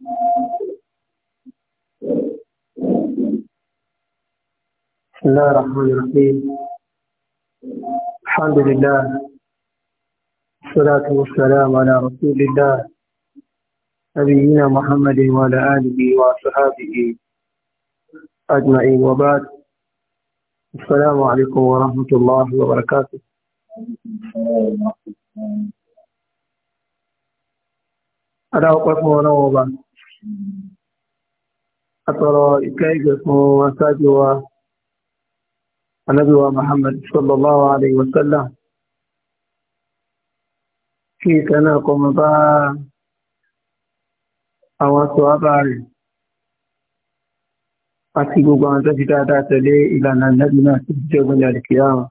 بسم الله الرحمن الرحيم الحمد لله والصلاة والسلام على رسول الله نبينا محمد وعلى آله وصحابه أجمعين وبعد السلام عليكم ورحمة الله وبركاته أنا أقف ونوبة أترى إكايك وساجوا النبي محمد صلى الله عليه وسلم في كنا قم با أو سوابع أتيجو عن تجدا تلي إلى النبي ما تجوا من الكيام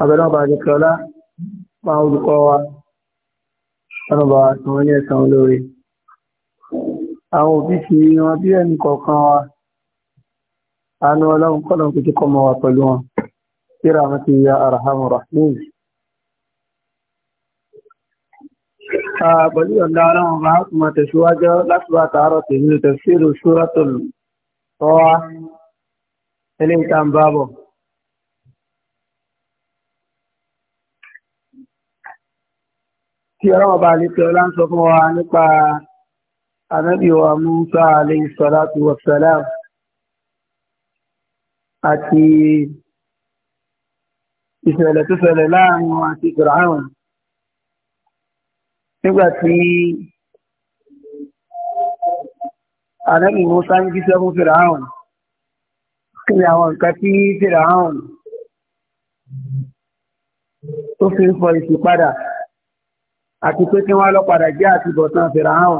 أبدا بعد كلا باعوا ọlọ́ba tí wọ́n ní ẹ̀sán olóore àwọn òbí fi wọn bí ẹnì kọ̀ọ̀kan wa àánú ọlọ́run kọ́lọ̀ kò tí kọ́mọ wa pẹ̀lú wọn kíra wọn ti ya arahamu rahman pẹ̀lú ọ̀dá ọlọ́run bá kùmọ̀ tẹ̀síwájú láti bá tààrọ̀ tèmi tẹ̀síwájú sóràtòlù tọ́wá eléyìí ń bá tí ọlọ́wọ́ bá lè tẹ́ ọlá ń sọ fún wa nípa ànábì wa Musa alayhi salatu wa salam àti ìṣẹ̀lẹ̀ tó ṣẹlẹ̀ láàrin wọn àti Fir'aun nígbà tí ànábì Musa ń jíṣẹ́ fún Fir'aun kí ni àwọn nǹkan tí Fir'aun tó fi ń fọ ìsìn padà àti pé kí wọ́n lọ padà jẹ́ àtibọ̀tán fìràhàn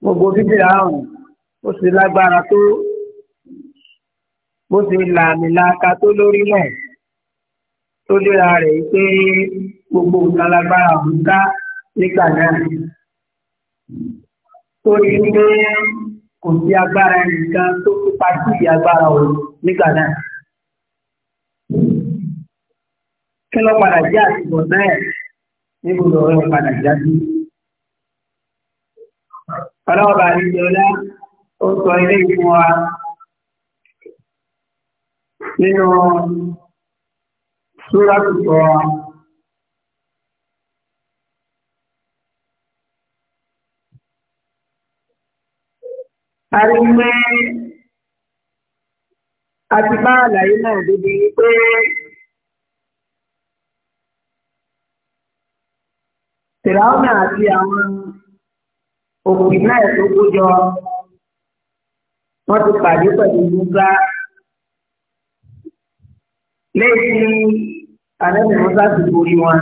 gbogbo bí fìràhàn ó sì lágbára tó bó ṣe làmìlaka tó lórí náà tó léra rẹ̀ pé gbogbo nǹkan lágbára òun ká nígbà náà torí pé kò sí agbára nìkan tó kópa sí agbára òun nígbà náà kí ló padà jẹ́ àtibọ̀tán ẹ̀ níbo lọ́rọ̀ ẹ̀ padà jáde. ọlọ́ọ̀bà àdìjọ́lá ó sọ ilé ìfún wa nínú súrà tuntun wa. Àrùn mẹ́ àti bá àlàyé náà débi pé Fìràwọ́nà àti àwọn òkùn náà tó kójọ wọ́n ti pàdé pẹ̀lú Musa lẹ́yìn àlẹ́bí Musa ti borí wọn.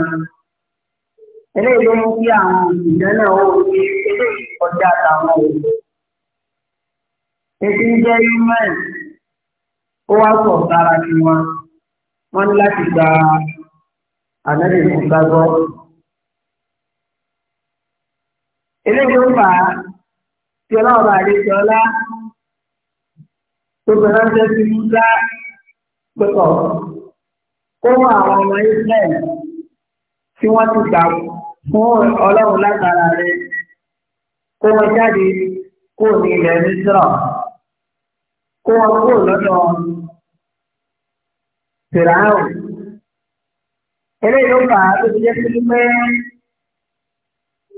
Eléyìí ló mú kí àwọn òṣìṣẹ́ náà ó wọlé eléyìí kọjá àtàwọn òṣìṣẹ́. Ètí ń jẹ́ human ó wá sọ̀ sára sí wọn. Wọ́n ní láti gba àlẹ́bí Musa gbọ́ eléyìí ń fà á tí ọlọ́ọ̀bà àlejò ọlá tó bẹ̀rẹ̀ ń tẹ́sí múlá pẹ̀kọ̀ kó mọ àwọn ọmọ Israẹl tí wọ́n ti gbà fún ọlọ́run látara rẹ̀ kó wọn jáde kó ní ilẹ̀ Mísírà kó wọn kó lọ́dọ̀ Fìràhùn eléyìí ló fà á tó ti jẹ́ pé.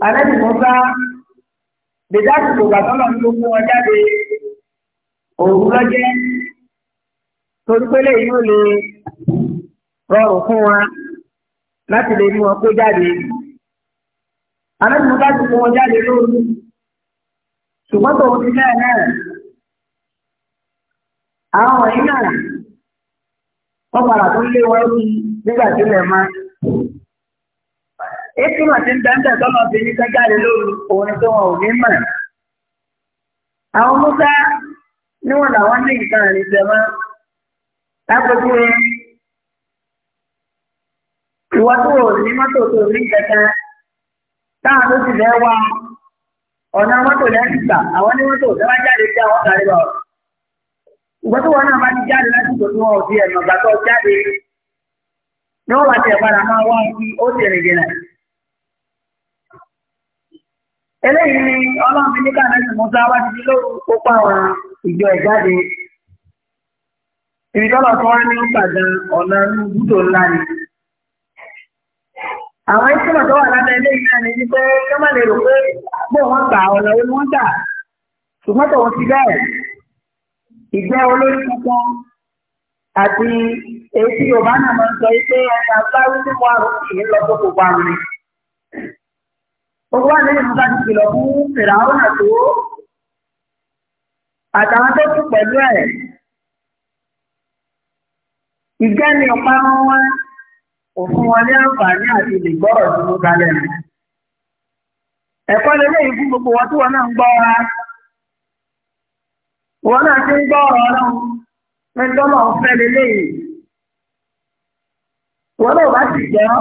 Àlẹ́bí Musa, Bèdáàtì kò gbà tọ́lọ̀ ní gbogbo wọn jáde òru lọ́jẹ́, torí pé lè yóò lè rọrùn fún wa láti lè rí wọn kó jáde. Àlẹ́bí Musa ti kó wọn jáde lóru, ṣùgbọ́n tòun ti náà náà. Àwọn wọ̀nyí náà, wọ́n padà tó lé wọn rí nígbà tí ilẹ̀ máa. Ekúrò àti Bẹ́ńbẹ́ tọ́lọ̀ fi ní sẹ́jáde lóru òun wọn Àwọn Musa ní nǹkan ìwọ tó ní mọ́tò tó rí Táwọn tó ti fẹ́ wá ọ̀nà mọ́tò àwọn ní mọ́tò tó bá jáde sí àwọn lọ. tó náà bá ti jáde tí wọn ò fi ẹ̀nà gbàtọ́ eléyìí ni ọlọ́run fi ní ká lẹ́sìn musa wá ti di lóru ó pa àwọn ìjọ ìjáde ibi tọ́lọ̀ tó wá ní ìpàdán ọ̀nà ńlá ni. àwọn ìṣúná tó wà lábẹ́ eléyìí náà ni wípé kí wọ́n má lè rò pé bó wọ́n gbà ọ̀nà wọ́n gbà ṣùgbọ́n ti bẹ́ẹ̀ ìgbẹ́ olórí tuntun àti èyí tí yorùbá náà máa Gbogbo wa lẹ́yìn Musa ti kìlọ̀ fún Fìràwọ́nà tó àtàwọn tó kù pẹ̀lú ẹ̀. Ìgẹ́ni ọ̀pánu wọn kò fún wọn ní àǹfààní àti lè gbọ́rọ̀ sí Musa lẹ́nu. Ẹ̀kọ́ lélẹ́yìn fún gbogbo wọn tí wọn náà ń gbọ́ wa. Wọn náà ti ń gbọ́ ọ̀rọ̀ ọlọ́run pé tọ́lọ̀ ń fẹ́ lélẹ́yìn. Wọn náà bá sì jẹ́ ọ́.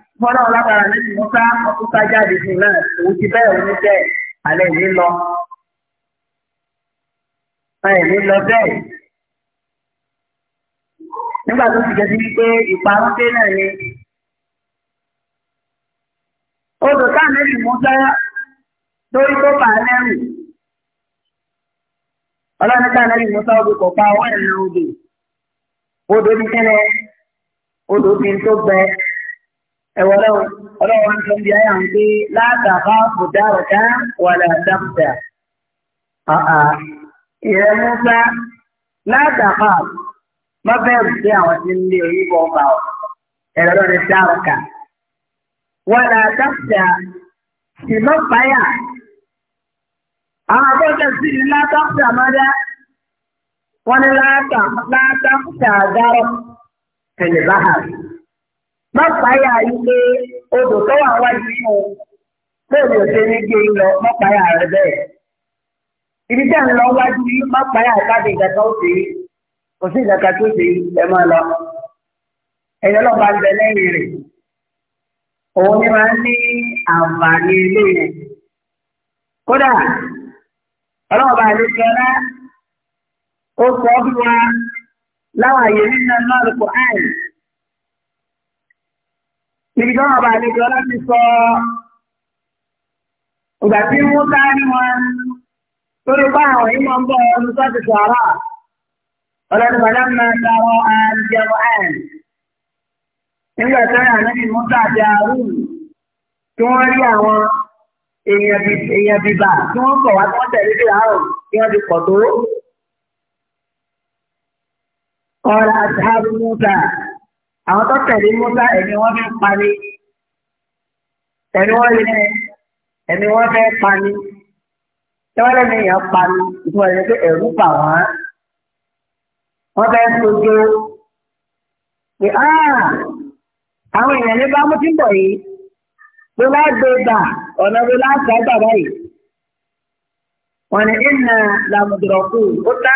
fọ́nà ọlábàrà nínú mọ́tà ọkùnká jáde fún náà òun ti bẹ́ẹ̀ òun bẹ́ẹ̀ alẹ́ lọ. lọ bẹ́ẹ̀. Nígbà tó ti ìparun náà ni. Odò táàmì mọ́tà lórí tó bà lẹ́rù. Ọlọ́run táàmì odò kò pa ọwọ́ ẹ̀wọ̀rọ̀ ọlọ́wọ́n tó ń di ayé àwọn pé látàkọ́ bùdárọ̀dá wà látàkùdà. ìyẹn Musa látàkọ́ má bẹ̀rù sí àwọn tí ń lé orí bọ̀ ọ̀bà ọ̀ ẹ̀rọ ní dárọ̀kà. wọ́n látàkùdà sì mọ́ fàyà. àwọn akọ́kẹ́ sí má dá. wọ́n ní má páyà ilé odò tó wà wájú fún un bẹ́ẹ̀ni ò ṣe ní gbé ń lọ má páyà rẹ bẹ́ẹ̀. ibi tí à ń lọ wájú yìí má páyà káàdì ìgbàkan ó ṣe é kò sí ìgbàkan tó ṣe é ẹ máa lọ. ẹ̀yọ́ ọlọ́ba ń bẹ lẹ́yìn rẹ̀ òun ni máa ní àǹfààní ilé yẹn. kódà ọlọ́ba àlejò ọlá ó sọ fún wa láwọn àyè nínú ọlọ́run kò áì. Ibi tó wọ́n bá lè jọ láti sọ ìgbà tí wọ́n ká ní wọn lórí bá àwọn ìmọ̀ ń bọ̀ ọdún tó ti sọ̀rọ̀. Ọlọ́dún bàdá máa ń darọ̀ àjẹmọ́ ẹ̀. Nígbà tó yà lẹ́yìn Musa àti Arun tí wọ́n rí àwọn èèyàn bíbà tí wọ́n pọ̀ wá tí wọ́n tẹ̀lé àwọn tó tẹ̀lé mọ́tà ẹ̀mí wọ́n fẹ́ pani ẹ̀mí wọ́n yẹ ẹ̀mí wọ́n fẹ́ pani tẹ́wọ́lẹ́ mi yàn pani ìtumọ̀ ẹ̀mí pé ẹ̀rú bà wọ́n wọ́n fẹ́ sojú pé ah, àwọn èèyàn ní bá mú tí ń bọ̀ yìí ló bá gbé gbà ọ̀nà ló láǹkà gbà báyìí wọ́n ní ìnà làmùdùrọ̀kù ó tá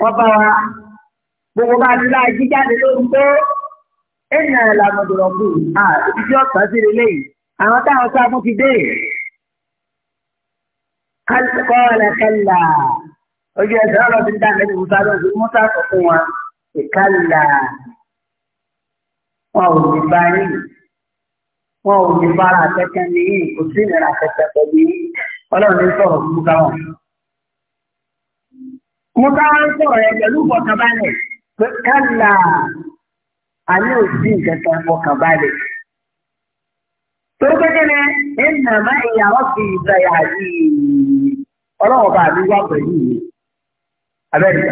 wọ́n bá wa gbogbo bá ti láàjí jáde lórí tó ẹ̀yìn la làwọn ọ̀dọ̀rọ̀ kù à ìdíjọ́ ọ̀sán sí lélẹ́yìn àwọn táwọn sábà ti dé. kọ́ọ̀lẹ̀ kẹ́là ojú ẹ̀sẹ̀ ọ̀rọ̀ ti ń dá ẹ̀mí musa lóṣù musa sọ fún wa ìkàlà wọn ò ní bá yín wọn ò ní bára akẹ́kẹ́ ní kò sí ìnira akẹ́kẹ́ pẹ̀lú ọlọ́run ní sọ̀rọ̀ fún musa wọn. musa wọn sọ̀rọ̀ ẹ̀ pẹ̀lú bọ̀tàbálẹ̀ anyị ní òsì nǹkan kan tó gbẹ́gẹ́ ni ẹnà ya ìyá ọ̀sìn ìgbà yà ní ọlọ́wọ́ bá mi wá pẹ̀lú mi. abẹ́rẹ́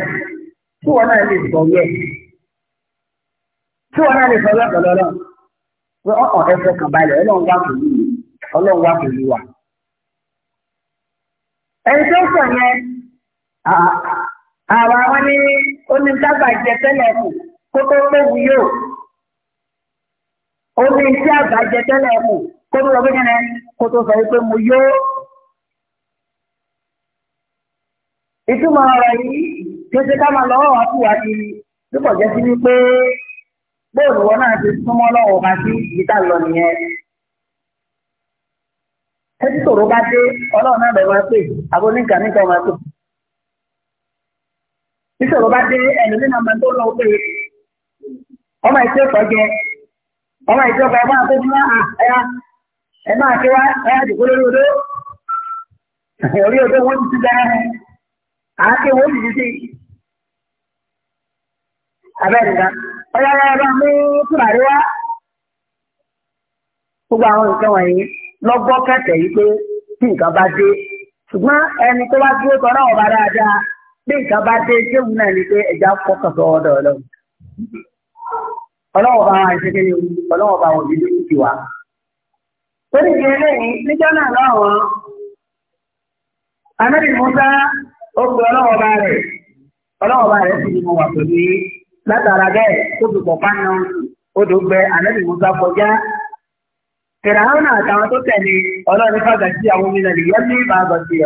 tí wọ́n náà lè sọ yẹ tí wọ́n náà lè sọ pé wa. kó tó léwu yóò ó ní iṣẹ́ àgbàjẹ tẹ́lẹ̀ kù kó tó lọ pé kẹ́nẹ́ kó tó sọ pé mo yó. ìtumọ̀ ọ̀rọ̀ yìí kéṣe ká máa lọ́wọ́ wá fún wa ti lúpọ̀ jẹ́ sí wípé bóòlù wọn náà ti súnmọ́ lọ́wọ́ bá sí ìta lọ nìyẹn. tẹ́tí tòró bá dé ọlọ́run náà lọ́wọ́ máa pè àbóníkà níta máa pè. ìṣòro bá dé ẹ̀lẹ́mìnà máa tó lọ́wọ́ pé ọmọ ìṣe ìtọ́jẹ ọmọ ìṣe ọgbà ẹ̀fọ́ àti ìṣúná ẹ̀yà ẹ̀ máa ṣe wá ẹ̀yà dìbò lórí odó orí odó ti ti àáké ti ti ti gbogbo àwọn nǹkan wọ̀nyí lọ́gbọ́ kẹ̀kẹ́ yìí pé nǹkan bá dé ṣùgbọ́n ẹni tó bá dúró tọ́ náà ọba dáadáa bí nǹkan bá dé ṣéwù náà ni pé ẹja fọkàn ọlọ́wọ́ bá wọn ni ọlọ́wọ́ bá wọn ìdílé ti wá. Torí ti eléyìí níjọ́ náà láwọn Anábì Musa ó pe ọlọ́wọ́ rẹ̀ ọlọ́wọ́ rẹ̀ sì ni mo wà pẹ̀lú látara bẹ́ẹ̀ tó fi pọ̀ gbẹ Musa kọjá. àtàwọn tó tẹ̀lé àwọn ní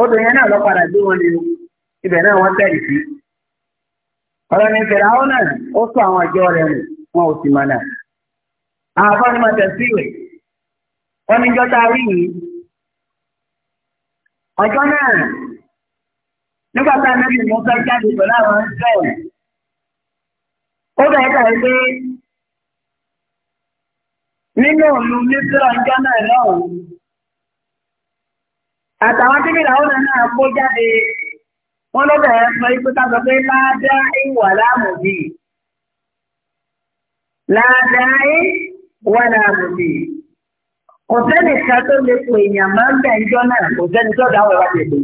Odò yẹn náà padà wọn ni ibẹ̀ náà wọ́n tẹ̀lé ọ̀rọ̀ ni fìràwọ́ náà ó sọ àwọn àjọ rẹ̀ nù wọn ò sì mọ̀ náà. àwọn afọ́nimọ̀ tẹ̀sí rẹ̀ wọ́n ní jọ́ta rí yìí. ọjọ́ náà nígbà tá a náà lè mú fẹ́ jáde pẹ̀lú àwọn ẹ̀ṣẹ́ rẹ̀. ó bẹ̀rẹ̀ kàwé pé nínú òlu nítorí ọjọ́ náà lọ́hùn àtàwọn tí fìràwọ́ náà kó jáde wọ́n lọ́dọ̀ ẹ̀ sọ ipò tá a sọ pé láàdá ìwà láàmùbí láàdá ìwà láàmùbí kò sẹ́ni kan tó lè po èèyàn máa ń bẹ̀ ẹjọ́ náà kò sẹ́ni tó dáwọ́ wá tẹ̀lé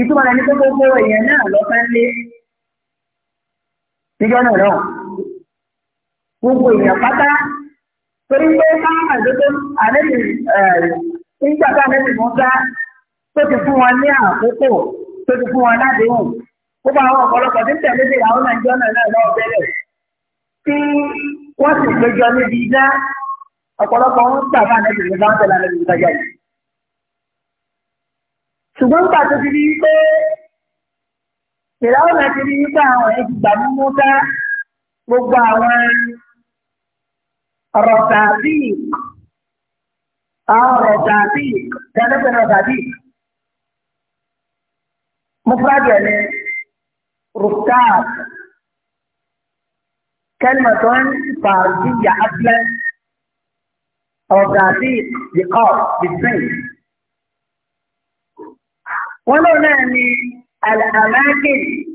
ìtumọ̀ ẹni tó gbogbo èèyàn náà lọ́sẹ̀ lé níjọ́ náà náà gbogbo èèyàn pátá torí pé káwọn àdókò àlejò nígbà tá a lè fi mú ká tó ti fún wọn ní àkókò tó ti fún wọn ládéhùn ó bá àwọn ọ̀pọ̀lọpọ̀ tí ń tẹ̀lé sí ìyàwó nàìjíríà náà lọ́wọ́ bẹ́lẹ̀ tí wọ́n sì péjọ níbi iná ọ̀pọ̀lọpọ̀ wọn gbàgbà nẹ́bí ní bá ń tẹ̀lé nẹ́bí níta jáde. ṣùgbọ́n nígbà tó ti rí i pé ìyàwó náà ti rí i pé àwọn ẹ̀ ti gbà mú mú dá gbogbo àwọn ọ̀rọ̀ tàbí àwọn ọ̀rọ̀ tàbí tẹ́lẹ́pẹ̀rẹ̀ tàbí مفرد يعني ركاب كلمة فارسية أصلا أو ذاتي بقاف بالسين ولو نعني الأماكن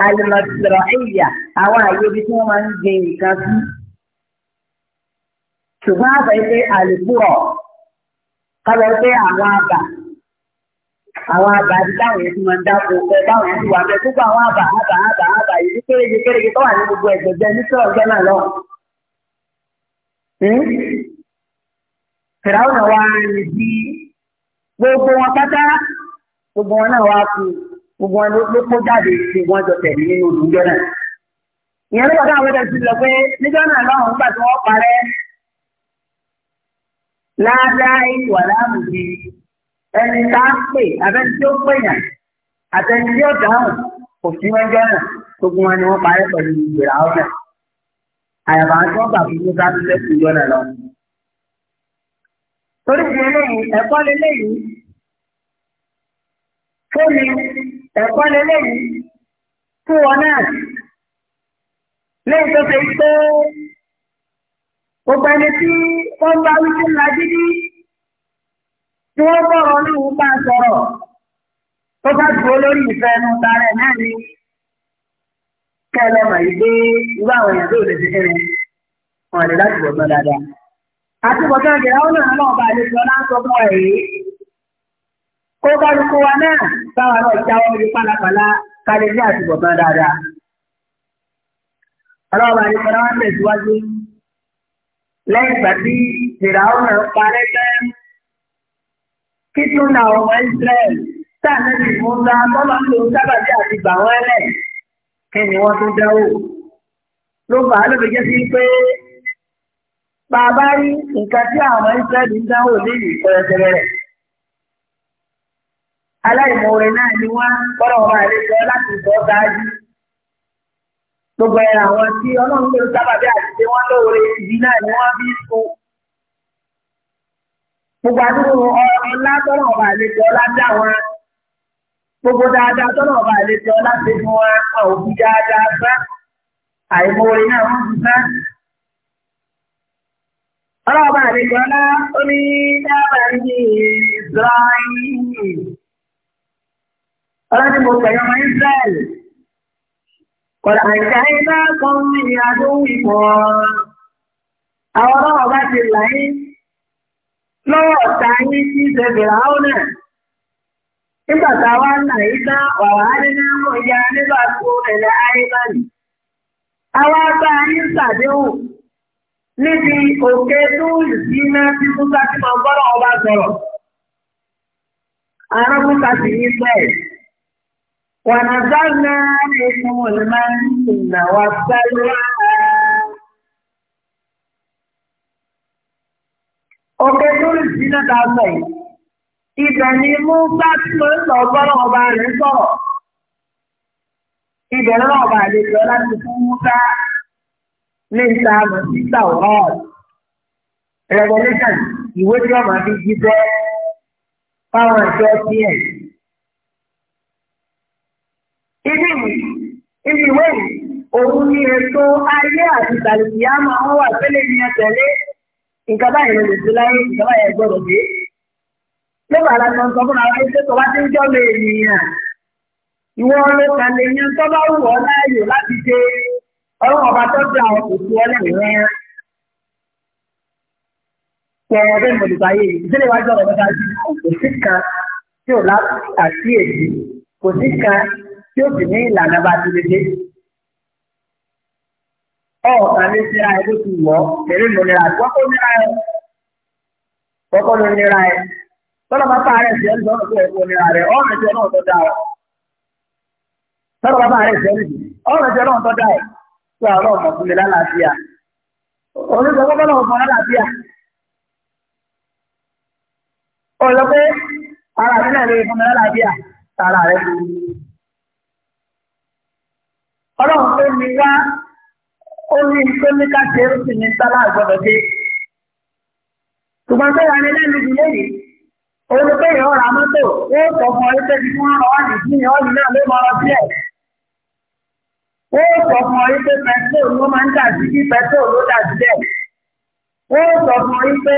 المزرعية أو يبتون من جنكس شباب إيه؟ القرى قبل بها إيه؟ واقع àwọn àbá àti táwọn yẹn ti máa ń dáko ẹ báwọn yẹn ti wà bẹ gbogbo àwọn àbá àbá àbá àbá yìí kéréje kéréje tó wà ní gbogbo ẹgbẹgbẹ ní sọ̀rọ̀ ọjọ́ náà lọ. Hm? fìràwọn náà wá rìn sí gbogbo wọn pátá gbogbo wọn náà wá kú gbogbo wọn ló kó jáde gbogbo wọn jọ tẹ̀lé nínú olùjọ náà. ìyẹn ló kọ́kọ́ àwọn ọ̀dọ́ lọ pé níjọ́ náà lọ́wọ́ nígbà tí wọ́n parẹ́ láàdáì wà ẹni tá a pè abẹ́ni tí ó pèyàn àtẹni tí ó dáhùn kò sí wọn jẹ́nà gbogbo wọn ni wọ́n parẹ́ pẹ̀lú ìgbèrà ọ̀nà àyàbá tí wọ́n gbà fún mi ká tún lẹ́sìn jọ́nà lọ. torí ti eléyìí ẹ̀kọ́ leléyìí fún mi ẹ̀kọ́ leléyìí fún wọn náà lẹ́yìn tó ṣe pé gbogbo ẹni tí wọ́n bá wí sí ńlá dídí. tí wọ́n bọ̀rọ̀ náà bá sọ̀rọ̀ tó bá dúró lórí ìfẹ́ ẹnu tarẹ̀ náà ni kẹlẹ́ mọ̀ yìí pé irú àwọn èèyàn tó lè ṣe kẹrin wọn lè láti bọ̀gbọ́n dáadáa. àti bọ̀gbọ́n ìgbéra ó náà náà bá lè sọ láǹsọ fún ẹ̀ yìí. kó bá wa náà báwa náà jáwọ́ pálapàla ní àti títún na ọmọ Israẹl sáàlẹ́bí ìmúta bọ́lá ń lo sábàbí àti gbà wọ́n lẹ̀ kí ni wọ́n tún dáwò. ló fà a lóbi jẹ́ sí pé bàbá rí nǹkan tí àwọn Israẹli ń dáwò léyìí pẹrẹsẹrẹ rẹ̀. aláìmoore náà ni wọ́n kọ́ra ọba àlejò láti bọ́ dájú. gbogbo ẹ̀ àwọn tí ọlọ́run ló sábàbí àti tí wọ́n lóore ibi náà ni wọ́n bí sùn gbogbo àdúgbò ọlá tọ́nà ọba àlejò ọlá dá wọn gbogbo dáadáa tọ́nà ọba àlejò ọlá ṣe fún wa àwọn dáadáa fẹ́ àìmọ̀ọ́rẹ́ náà wọ́n ti fẹ́. ọlọ́ọ̀bá àlejò ọlá ó ní dábàá ní Ísírẹ́lì ọlọ́dún mo pẹ̀lú ọmọ Ísírẹ́lì kọ̀dà àìsàn àìsàn kan ní àdúgbò ìkọ̀ àwọn ọlọ́ọ̀bá ti là yín lọ́wọ́ ọ̀tá yín sí ṣẹ̀fẹ̀ ráhùn náà. Nígbà táwa nà yí ná wàrà á nínú àwọn ìyá nígbà tó ẹ̀lẹ́ ayé báyìí. Àwa bá yín ṣàdéhùn níbi òkè tóòlù sí iná tí Musa ti máa gbọ́dọ̀ ọba sọ̀rọ̀. Àrùn Musa sì yí bẹ́ẹ̀. Wànàzá náà ní ìfún olùmọ̀ náà wà sáré wá. Òkè lórí ìdíná ta sọ yìí. Ibẹ̀ ni mú bá tí mo ń lọ gbọ́dọ̀ ọba rẹ̀ sọ̀rọ̀. Ibẹ̀ lọ́wọ́ ọba àlejò láti fún Musa ní ìta àmọ̀ sí Tàwọ́ọ̀. Revolution ìwé tí ọmọ fi jíṣẹ́ fáwọn ẹ̀ṣọ́ sí ẹ̀. Ibi ìwé òun ni ètò ayé àti tàlùkìyà máa ń wà sílé ní ẹ̀tẹ̀lé nǹkan báyìí ló lè ṣe láyé nǹkan báyìí gbọ́dọ̀ dé. Lébà ara kan sọ fún ara ẹgbẹ́ tó bá ti ń jọ́ lé ènìyàn. Ìwọ ló kà lè yan tó bá wù ọ́ láàyò láti ṣe ọlọ́run ọba tó dé àwọn kò sí ọlẹ́ ìrẹ́. Pẹ̀lú ọdún ìmọ̀lùbá yìí, ìdílé wa jọ̀rọ̀ lọ́ta sí kò sí kan tí ò láti àkíyèsí, kò sí kan tí ò sì ní ìlànà bá ti lè dé. ọ̀ọ̀ta ní ti wọ̀ pẹ̀lú ìlera kọ́kọ́ nira kọ́kọ́ nira tọ́lá bá fà rẹ̀ ẹ̀kọ́ nira náà ọ tọ́lá bá fà rẹ̀ sẹ́yìn ọ̀rọ̀ ẹ̀jẹ̀ náà tó dá ọ tó àwọn ọmọ fún mi lálàáfíà oníṣẹ́ kọ́kọ́ náà fún lálàáfíà ọ̀lọ́pẹ́ ara mi náà lè fún mi lálàáfíà tààrà rẹ̀ ọlọ́run tó wá ó ní tó ní ká ṣe ó sì ní sálá àgbọ̀dọ̀ dé. ṣùgbọ́n tó wà ní lẹ́nu ìdílé yìí òun ni pé ìyọ́ ra mọ́tò ó sọ fún ọ pé fún ọ́ọ̀lì tí ìyọ́ ọ̀lì náà ló mọ ọ sílẹ̀. ó sọ fún ọ pé pẹtrol ló máa ń dà sí bí pẹtrol ló dà sílẹ̀. ó sọ fún ọ pé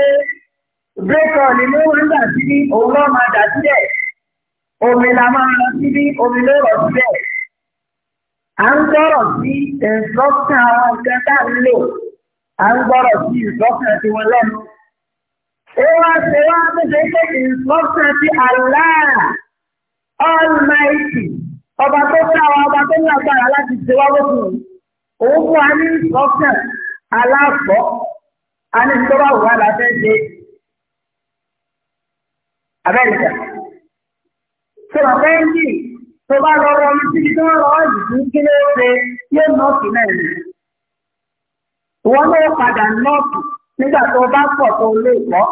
bírèkọ̀ọ̀lì ló máa ń dà sí bí òun ló máa dà sílẹ̀. omi la máa lọ sí bí omi ló à ń gbọ́rọ̀ sí ìǹsọ́kàn àwọn nǹkan tá ń lò à ń gbọ́rọ̀ sí ìǹsọ́kàn tí wọ́n lẹ́nu. ó wá ṣe wá tó ṣe pé ìǹsọ́kàn ti Allah Almighty ọba tó ká wa ọba tó ní agbára láti ṣe wá lókun òun fún wa ní ìǹsọ́kàn aláàfọ́ a ní ìjọba òun aláfẹ́ ṣe Amẹ́ríkà. sọ̀rọ̀ bẹ́ẹ̀ ní. tó bá lọ rọrùn títí tí wọ́n rọrùn ìdí kí ló ṣe yóò nọ́ọ̀kì náà ni. Wọ́n ló padà nọ́ọ̀kì nígbà tó bá pọ̀ tó pọ̀.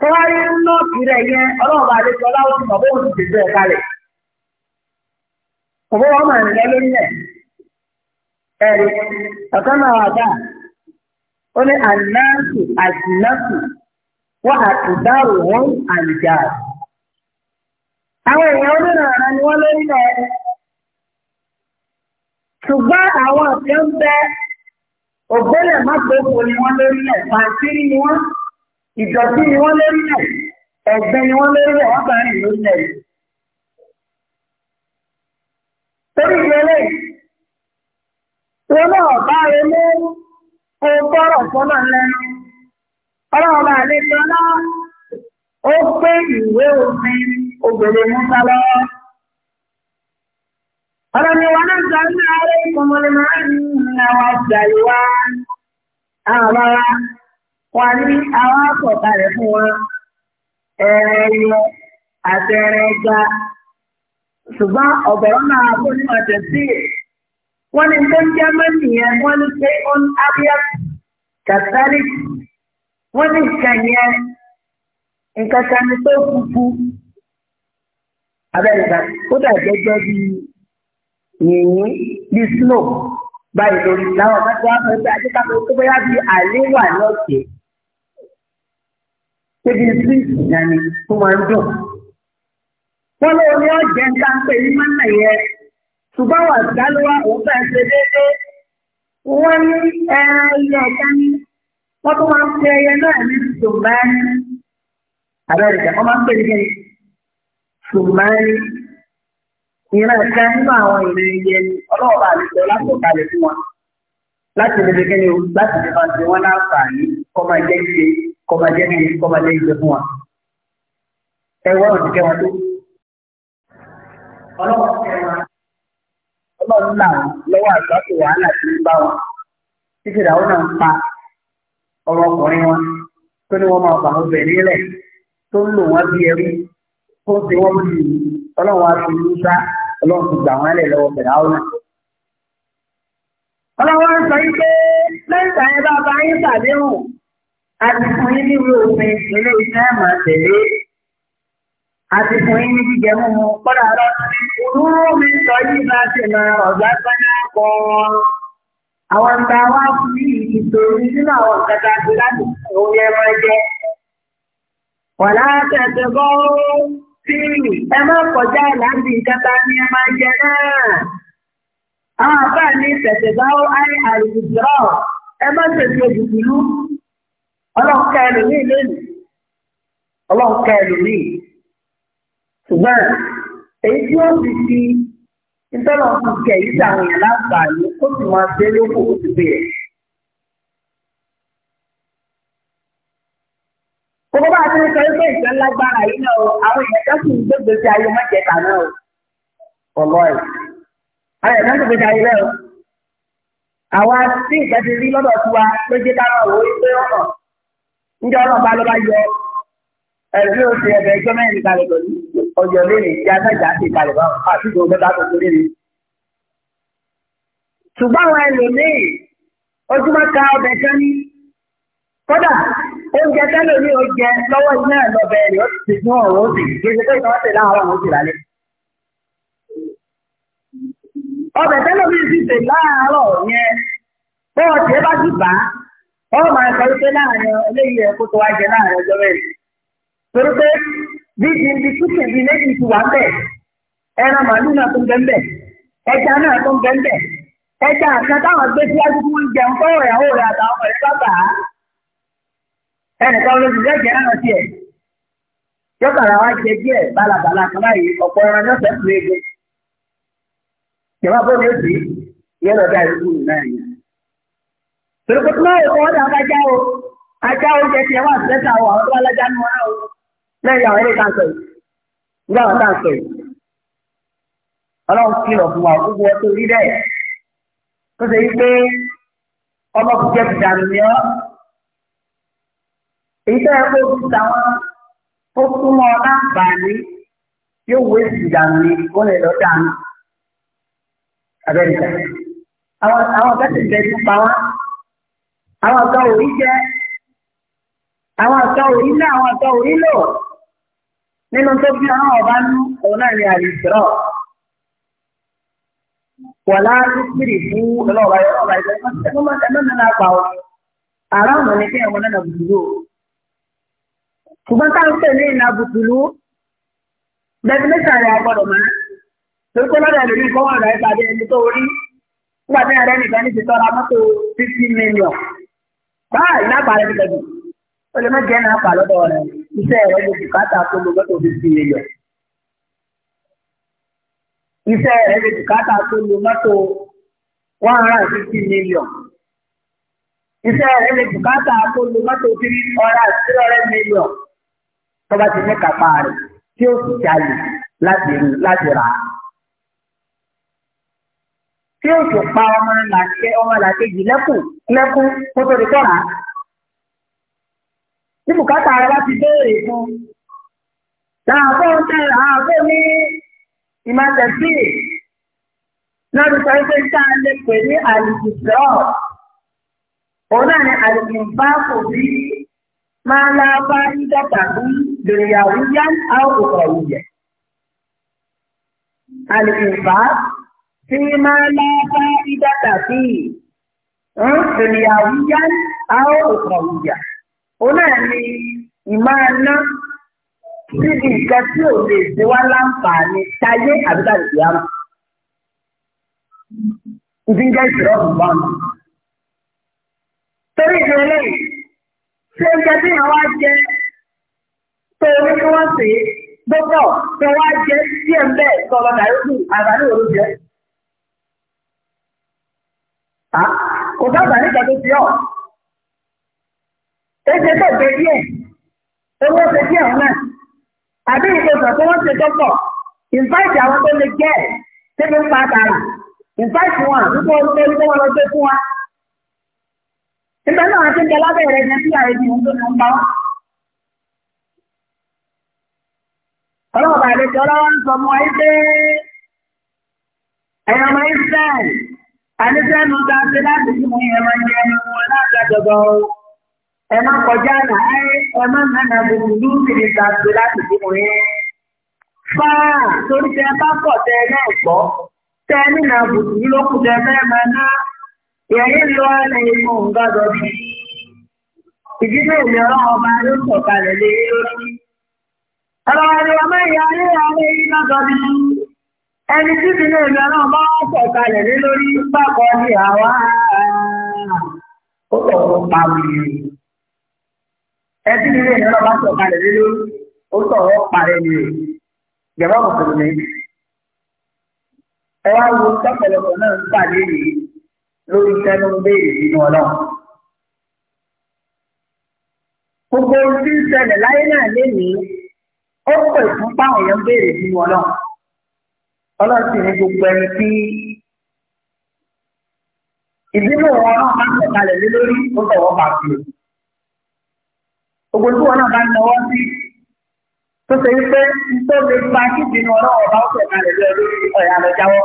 Tó wá rí nọ́ọ̀kì rẹ̀ yẹn ọlọ́run bá láwùjọ mọ̀ bóun ti dèjọ́ ẹ̀ kalẹ̀. wọn mọ̀ Ẹ̀rí Àwọn èèyàn onírànà ni wọ́n lórílẹ̀ ẹ̀. Ṣùgbọ́n àwọn ọ̀kẹ́ ń bẹ ògbélẹ̀ mọ́gbòkò ni wọ́n lórílẹ̀, pàǹtírí ni wọ́n, ìdọ̀tí ni wọ́n lórílẹ̀, ẹ̀gbẹ́ ni wọ́n lórílẹ̀, wọ́n bá rìn lórílẹ̀. Torí ìrẹ̀lẹ̀, wọn náà bá rẹ mú ohun tọ́rọ̀ lẹ́nu. ó pé ìwé òfin obìnrin Musa lọ́wọ́. Ọlọ́ni wa náà sọ ní ààrẹ máa ń na wa ṣàlù wa. Àwọn bàbá wa ní àwọn àkọ̀kalẹ̀ fún wa. Ẹ̀rọ àtẹ̀rẹ̀ ẹja. Ṣùgbọ́n ní sí Wọ́n ní tó ń jẹ́ wọ́n ní pé ó ń ábíyá Wọ́n ní ìkànnì nǹkan kan ni tó kúkú abẹ́rẹ́ta ó dà gẹ́gẹ́ bí yìnyín bí snow báyìí lórí láwọn ọ̀gájọ́ àpẹẹrẹ adékàtọ́ tó bẹ́yà bí àléwà lọ́ọ̀kẹ́ tẹ́bí street ìdáni tó máa ń dùn. wọ́n lé omi ọ̀jẹ̀ ń ta ń pè ní mọ́nà yẹn ṣùgbọ́n wà dálówà òun fẹ́ ṣe déédéé wọ́n ní ẹran ilé ẹ̀ka ní wọ́n tó máa ń pe ẹyẹ náà ní tòmáì àbẹ̀rẹ̀ wọ́n máa ń pè ní kẹ́yìn ṣùgbọ́n ìran ẹ̀ka ni ọlọ́ọ̀bà láti lè fi kẹ́yìn láti lè máa ṣe wọ́n láǹfààní kọ́ máa jẹ́ ṣe kọ́ fún wa. ẹ wọn tó. wọn lọ́wọ́ wọn títí náà ń pa wọn tó ní wọ́n máa bà wọn bẹ̀ nílẹ̀. tó ń lò wọ́n bí ẹrú tó ń fi wọ́n bí ọlọ́run àti musa ọlọ́run ti gbà wọ́n lẹ̀ lọ́wọ́ bẹ̀rẹ̀ sọ pé yẹn bá bá yín àti fún yín ní ìwé òfin ilé iṣẹ́ mà tẹ̀lé àti fún yín ní jíjẹ mímu kọ́dà lọ mi sọ bá ti mọ ọ̀gá àwọn a wàlá tẹ̀sẹ̀ bọ́ sí ẹ má kọjá ìlànà ìkẹta ni ẹ máa jẹ náà. Àwọn àbá ní tẹ̀sẹ̀ bá ó ayé àìsùdúrọ̀ ẹ má tẹ̀sẹ̀ òdùdúlú. Ọlọ́ọ̀ka ẹlòmíì lónìí. Ọlọ́ọ̀ka ẹlòmíì. Ṣùgbọ́n èyí tí ó ti fi ìtọ́lọ̀ fi kẹ̀ yíjà àwọn èèyàn láǹfààní ó sì máa dé lóko ó ti bẹ̀rẹ̀. Gbogbo bá a ti ń sọ pé ìfẹ́ lágbára yìí náà o, àwọn èèyàn kan sì ń gbégbé sí ayé mọ́jẹ̀ta náà o. Ọ̀lọ́ ẹ̀. Àwọn èèyàn kan sì gbégbé ayé náà o. Àwa tí ìfẹ́ ti rí lọ́dọ̀ tiwa ló jẹ́ ká máa wò ó pé ọ̀nà. Ǹjẹ́ ọ̀nà bá ló bá yọ ẹ̀rí oṣù ẹ̀bẹ̀ ẹjọ́ mẹ́rin kalẹ̀ pẹ̀lú ọjọ́ léèrè tí agbẹ́jà ti kalẹ̀ báwọn àti ìgbòho mẹ́ta tó kódà oúnjẹ tẹ́lẹ̀ ní oúnjẹ lọ́wọ́ iná ẹ̀ lọ́bẹ̀ rẹ̀ ó ti fún ọ̀rọ̀ ó sì kí pé ìtàn ṣe láàárọ̀ àwọn oṣù lálẹ́. ọbẹ̀ tẹ́lẹ̀ láàárọ̀ yẹn bá bá ọ máa sọ wípé láàárín eléyìí ẹ̀ kó tó wá jẹ láàárín ọjọ́ torí pé bí ti di bíi méjì ti wà bẹ́ẹ̀ ẹran màálù náà tó ń bẹ́ẹ̀ ẹja náà tó ń bẹ́ẹ̀ ẹja gbé síwájú fún ẹnìkan ló ti jẹ́jẹ́ náà tiẹ̀ yọkàrà wa jẹ díẹ̀ balabala kama yìí ọ̀pọ̀ ẹran yọ̀sẹ̀ fún ege ìwọ́n bó ló sì yẹn lọ́dọ̀ àìkú náà yẹn. tòlùkùtù náà yóò kọ́ ọ́ dàbá o ajá oúnjẹ tiẹ̀ wà sẹ́sà àwọn tó wọn o lẹ́yìn àwọn ọlọ́run fún wa gbogbo tó ṣe yí pé èyí tẹ́ ẹ kó fi tàwọn tó súnmọ́ láǹfààní yóò wé ìdààmú wọn lè lọ dànù abẹ́rẹ́ àwọn àwọn akẹ́kọ̀ọ́ ìgbẹ́ tó pa wá àwọn àgbà òrí jẹ́ àwọn àgbà òrí náà àwọn àgbà òrí lò nínú tó bí àwọn ọba nú òun náà ní àlìsírọ̀ wà láti pírì fún ọlọ́ọ̀bá ọba ìgbẹ́ ẹ̀mọ́ nínú apá ọ̀ àrà ọ̀nà ní kí ẹ̀wọ̀n náà nà gbùdúrò ṣùgbọ́n tá à ń pè ní ìlà bùtùlù definition rẹ̀ gbọ́dọ̀ mọ́ torí pé lọ́dọ̀ lórí ìfọwọ́ ọ̀rọ̀ ẹ̀ pàdé ẹni tó rí nígbà tí ẹ̀rẹ́ nìkan ní ti tọ́ra mọ́tò fifty million báà ìnápa rẹ̀ ti tẹ̀dù ó lè má jẹ́ ìnápa lọ́dọ̀ rẹ̀ iṣẹ́ rẹ̀ lè bùkátà tó lo mọ́tò fifty million iṣẹ́ rẹ̀ lè bùkátà tó lo mọ́tò one hundred and fifty million iṣẹ́ rẹ̀ lè bùkátà tó lo mọ́tò three hundred million tó bá ti ní kápá rẹ̀ tí ó sì jalè láti rà á. Tí ó sì pa ọmọ làkè ọmọ làkè jì lẹ́kùn lẹ́kùn kó tó di tọ́ra. Tí bùkátà rẹ̀ bá ti béèrè fún un. Láàbọ̀ ń tẹ àbọ̀ ní ìmọ̀tẹ̀sí lọ́dún sọ pé tá a lè pè ní àlùkùsọ̀. Òun náà ni àlùkùn bá kò rí máa ń lá bá ń dọ̀tà fún. دنيويا أو أخرويا الإنفاق فيما لا فائدة فيه دنيويا أو أخرويا هنا إيماننا níbi nǹkan tí ò lè ṣe wá láǹfààní táyé àbíkàlì ìyáma. Ìdí jẹ́ ìṣòro ọ̀gbọ́n. Torí ìṣẹ̀lẹ̀ yìí, ṣé oúnjẹ tí àwọn á jẹ tó kí wọ́n sè é tó wá jẹ́ díẹ̀ ń bẹ́ẹ̀ dàrúkù àgbàdo òru kò sábà nígbà tó ti ọ̀ ẹsẹ̀ tó gbé díẹ̀ owó ṣe díẹ̀ wọn náà àbí ìgbésọ̀ tó wọ́n ṣe dọ́kọ̀ ìfáìtì àwọn tó lè jẹ́ ẹ̀ tó lè pa àtàrà ìfáìtì wọn nípa orúkọ orúkọ wọn lọ gbé fún wa. nígbà náà wọn ti ń jẹ lábẹ́ tó ń pa wọn. ọlọ́ọ̀bà àlejò ọlọ́wọ́ ń sọ mọ́ ẹ pé ẹ̀yọ́ ọmọ israẹl àdéṣẹ́nu ta ṣe láti fi mú ẹ̀rọ ẹ̀yẹ ẹ̀mú láti àjọ̀dọ̀ ẹ má kọjá àná ẹ ẹ má nànà gbogbo lúùkìrì ta ṣe láti fi mú ẹ. fáà torí tẹ bá pọ̀ tẹ náà gbọ́ tẹ nínà gbogbo lókùn tẹ fẹ́ máa ná ìyẹn ń lọ ẹ̀rọ ìmú nǹkan dọ̀bí. ìdílé ìlera ọba Ọlọ́run ọmọ ìyá ní àwọn iná gọbí. Ẹni tí ti ní pọ̀ kalẹ̀ lórí pápọ̀ ní Ẹni tí ní ìlú ọlọ́run bá pọ̀ kalẹ̀ lé lórí ó tọ̀ ọ́ parẹ́ náà ó pè fún báwọn èèyàn béèrè nínú ọlọ́run ọlọ́run sì ní gbogbo ẹni tí ìbínú wọn náà máa ń sọ̀kalẹ̀ lé lórí ó tọ̀wọ́ bá fi o ògbóntú wọn náà bá ń náwó sí tó ṣe wípé tó lè gba kíbinú ọlọ́run ọba ó sọ̀kalẹ̀ lé lórí ọ̀yà lọ jáwọ́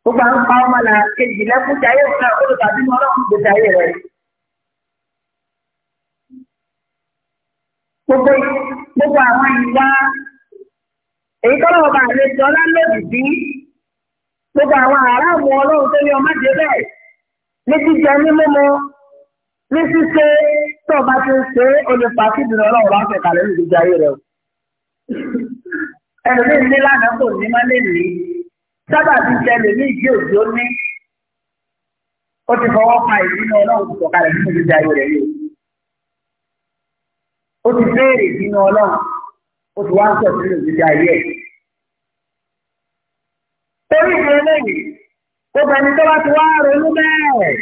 gbogbo àwọn ọmọ làkejì lẹ́kùn jayé òun náà ó lè gbàdúrà ọlọ́run gbèsè ayé rẹ̀ yìí. gbogbo gbogbo àwọn ìwà èyí tọ́lọ́ ọba àlejò ọlálòdì bí gbogbo àwọn aráàmù ọlọ́run tó ní ọmọdé bẹ́ẹ̀ ní jíjẹ ní mímu ní ṣíṣe tó ọba ti ń ṣe olùpà sídìrì ọlọ́run bá fẹ̀ka lẹ́nu ìdíje ayé rẹ̀ o. ẹlòmíín ní lánàá kò ní má lè ní sábà ti jẹ ẹlòmíín jí òjò ní ó ti fọwọ́ pa ìdí ní ọlọ́run tó kọ̀ọ̀kalẹ̀ nínú ìdíje ayé rẹ̀ yìí ó ti béèrè nínú ọlọ́run ó ti wá ń sọ sílẹ̀ ìdíje ayé ẹ̀. torí ìdí eléyìí obìnrin tó bá ti wá ronú bẹ́ẹ̀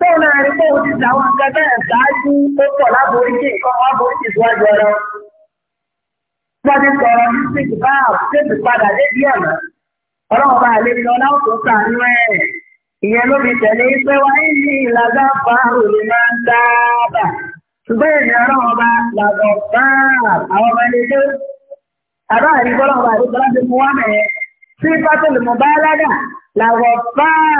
tó náà rí bóun ti sàwọn nǹkan bẹ́ẹ̀ ṣáájú tó pọ̀ láboríjì nǹkan láboríjì síwájú ọ̀rọ̀. wọ́n ti sọ̀rọ̀ ní sèkì bá sèkì padà débi ọ̀nà ọlọ́run bá lè lọ náà tó sànú ẹ̀. ìyẹn ló fi tẹ̀lé pé wáyé ní ìlàgá fáwọn olè ń dáàbà ṣùgbọ́n èmi ọlọ́run ọba làbọ̀ báà àwọn ọmọ ẹni tó àbá àrígbọ́ ọlọ́run ọba àrígbọ́ láti mú wá mẹ́ẹ̀ sí pátólì mọ̀ bá alága làbọ̀ báà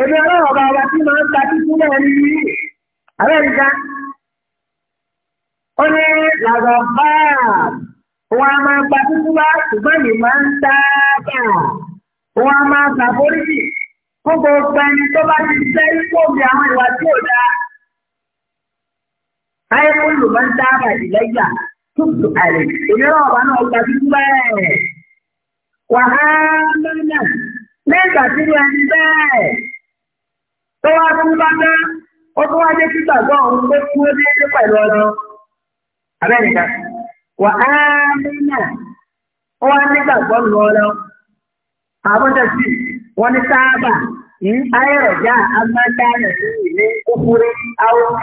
èmi ọlọ́run ọba ọba tí màá ń ta títí náà ní àbẹ́ ìta ó ní làbọ̀ báà wọn a máa gba títí wá ṣùgbọ́n mi máa ń ta báà wọn máa ṣàforíjì fún gbogbo tó bá ti jẹ́ ipò mi àwọn ìwà tí ò dáa. báyé kúlù máa ń dábà ìlẹ́yà túbù àlè ìnira ọ̀bá náà gba títú bẹ́ẹ̀. wàhálà náà lẹ́gbàá sí ni ẹni bẹ́ẹ̀ tó wá tún bá ná ó tún wá dé sígbàgbọ́ kú wàhálà ó wá lọ ní já amáńdá rẹ̀ kúkúrú áwọ̀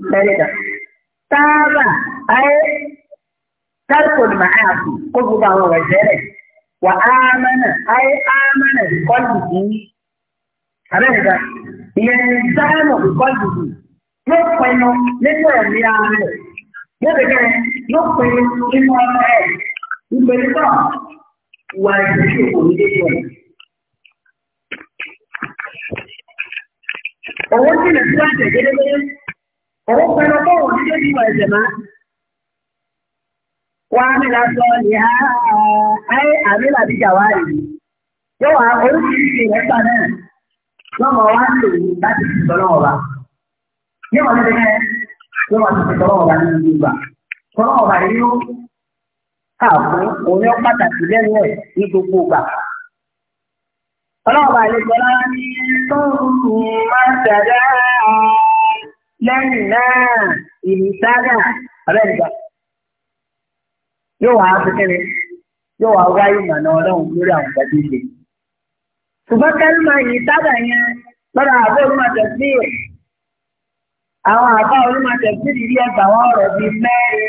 ثالثا تابع أي ترك المعاصي وآمن أي آمن بقلبه ينسان بقلبه يقبل يقبل يقبل يقبل Owó tí ربما قوم والجماعة وعمل صالحا أي عمل بجوارحه yóò wá oríṣiríṣi ìrẹ́pà náà lọ́mọ wá sí láti fi tọ́lọ́ ọba. òun yóò pàtàkì lẹ́nu ẹ̀ ní gbogbo ìgbà. ní tó ń máa lẹ́yìn náà ìmìtára ọ̀rẹ́ ìgbà yóò wá kékeré yóò wá wáyé ìmọ̀nà ọlọ́run lórí àwọn ìgbàgbé ìgbè. ṣùgbọ́n kẹ́lìmọ̀ ìmìtára yẹn lọ́dọ̀ àbọ̀ olùmọ̀tẹ̀ sí ẹ̀ àwọn àbá olùmọ̀tẹ̀ sí ìrírí ẹgbà wọn ọ̀rọ̀ bíi mẹ́rin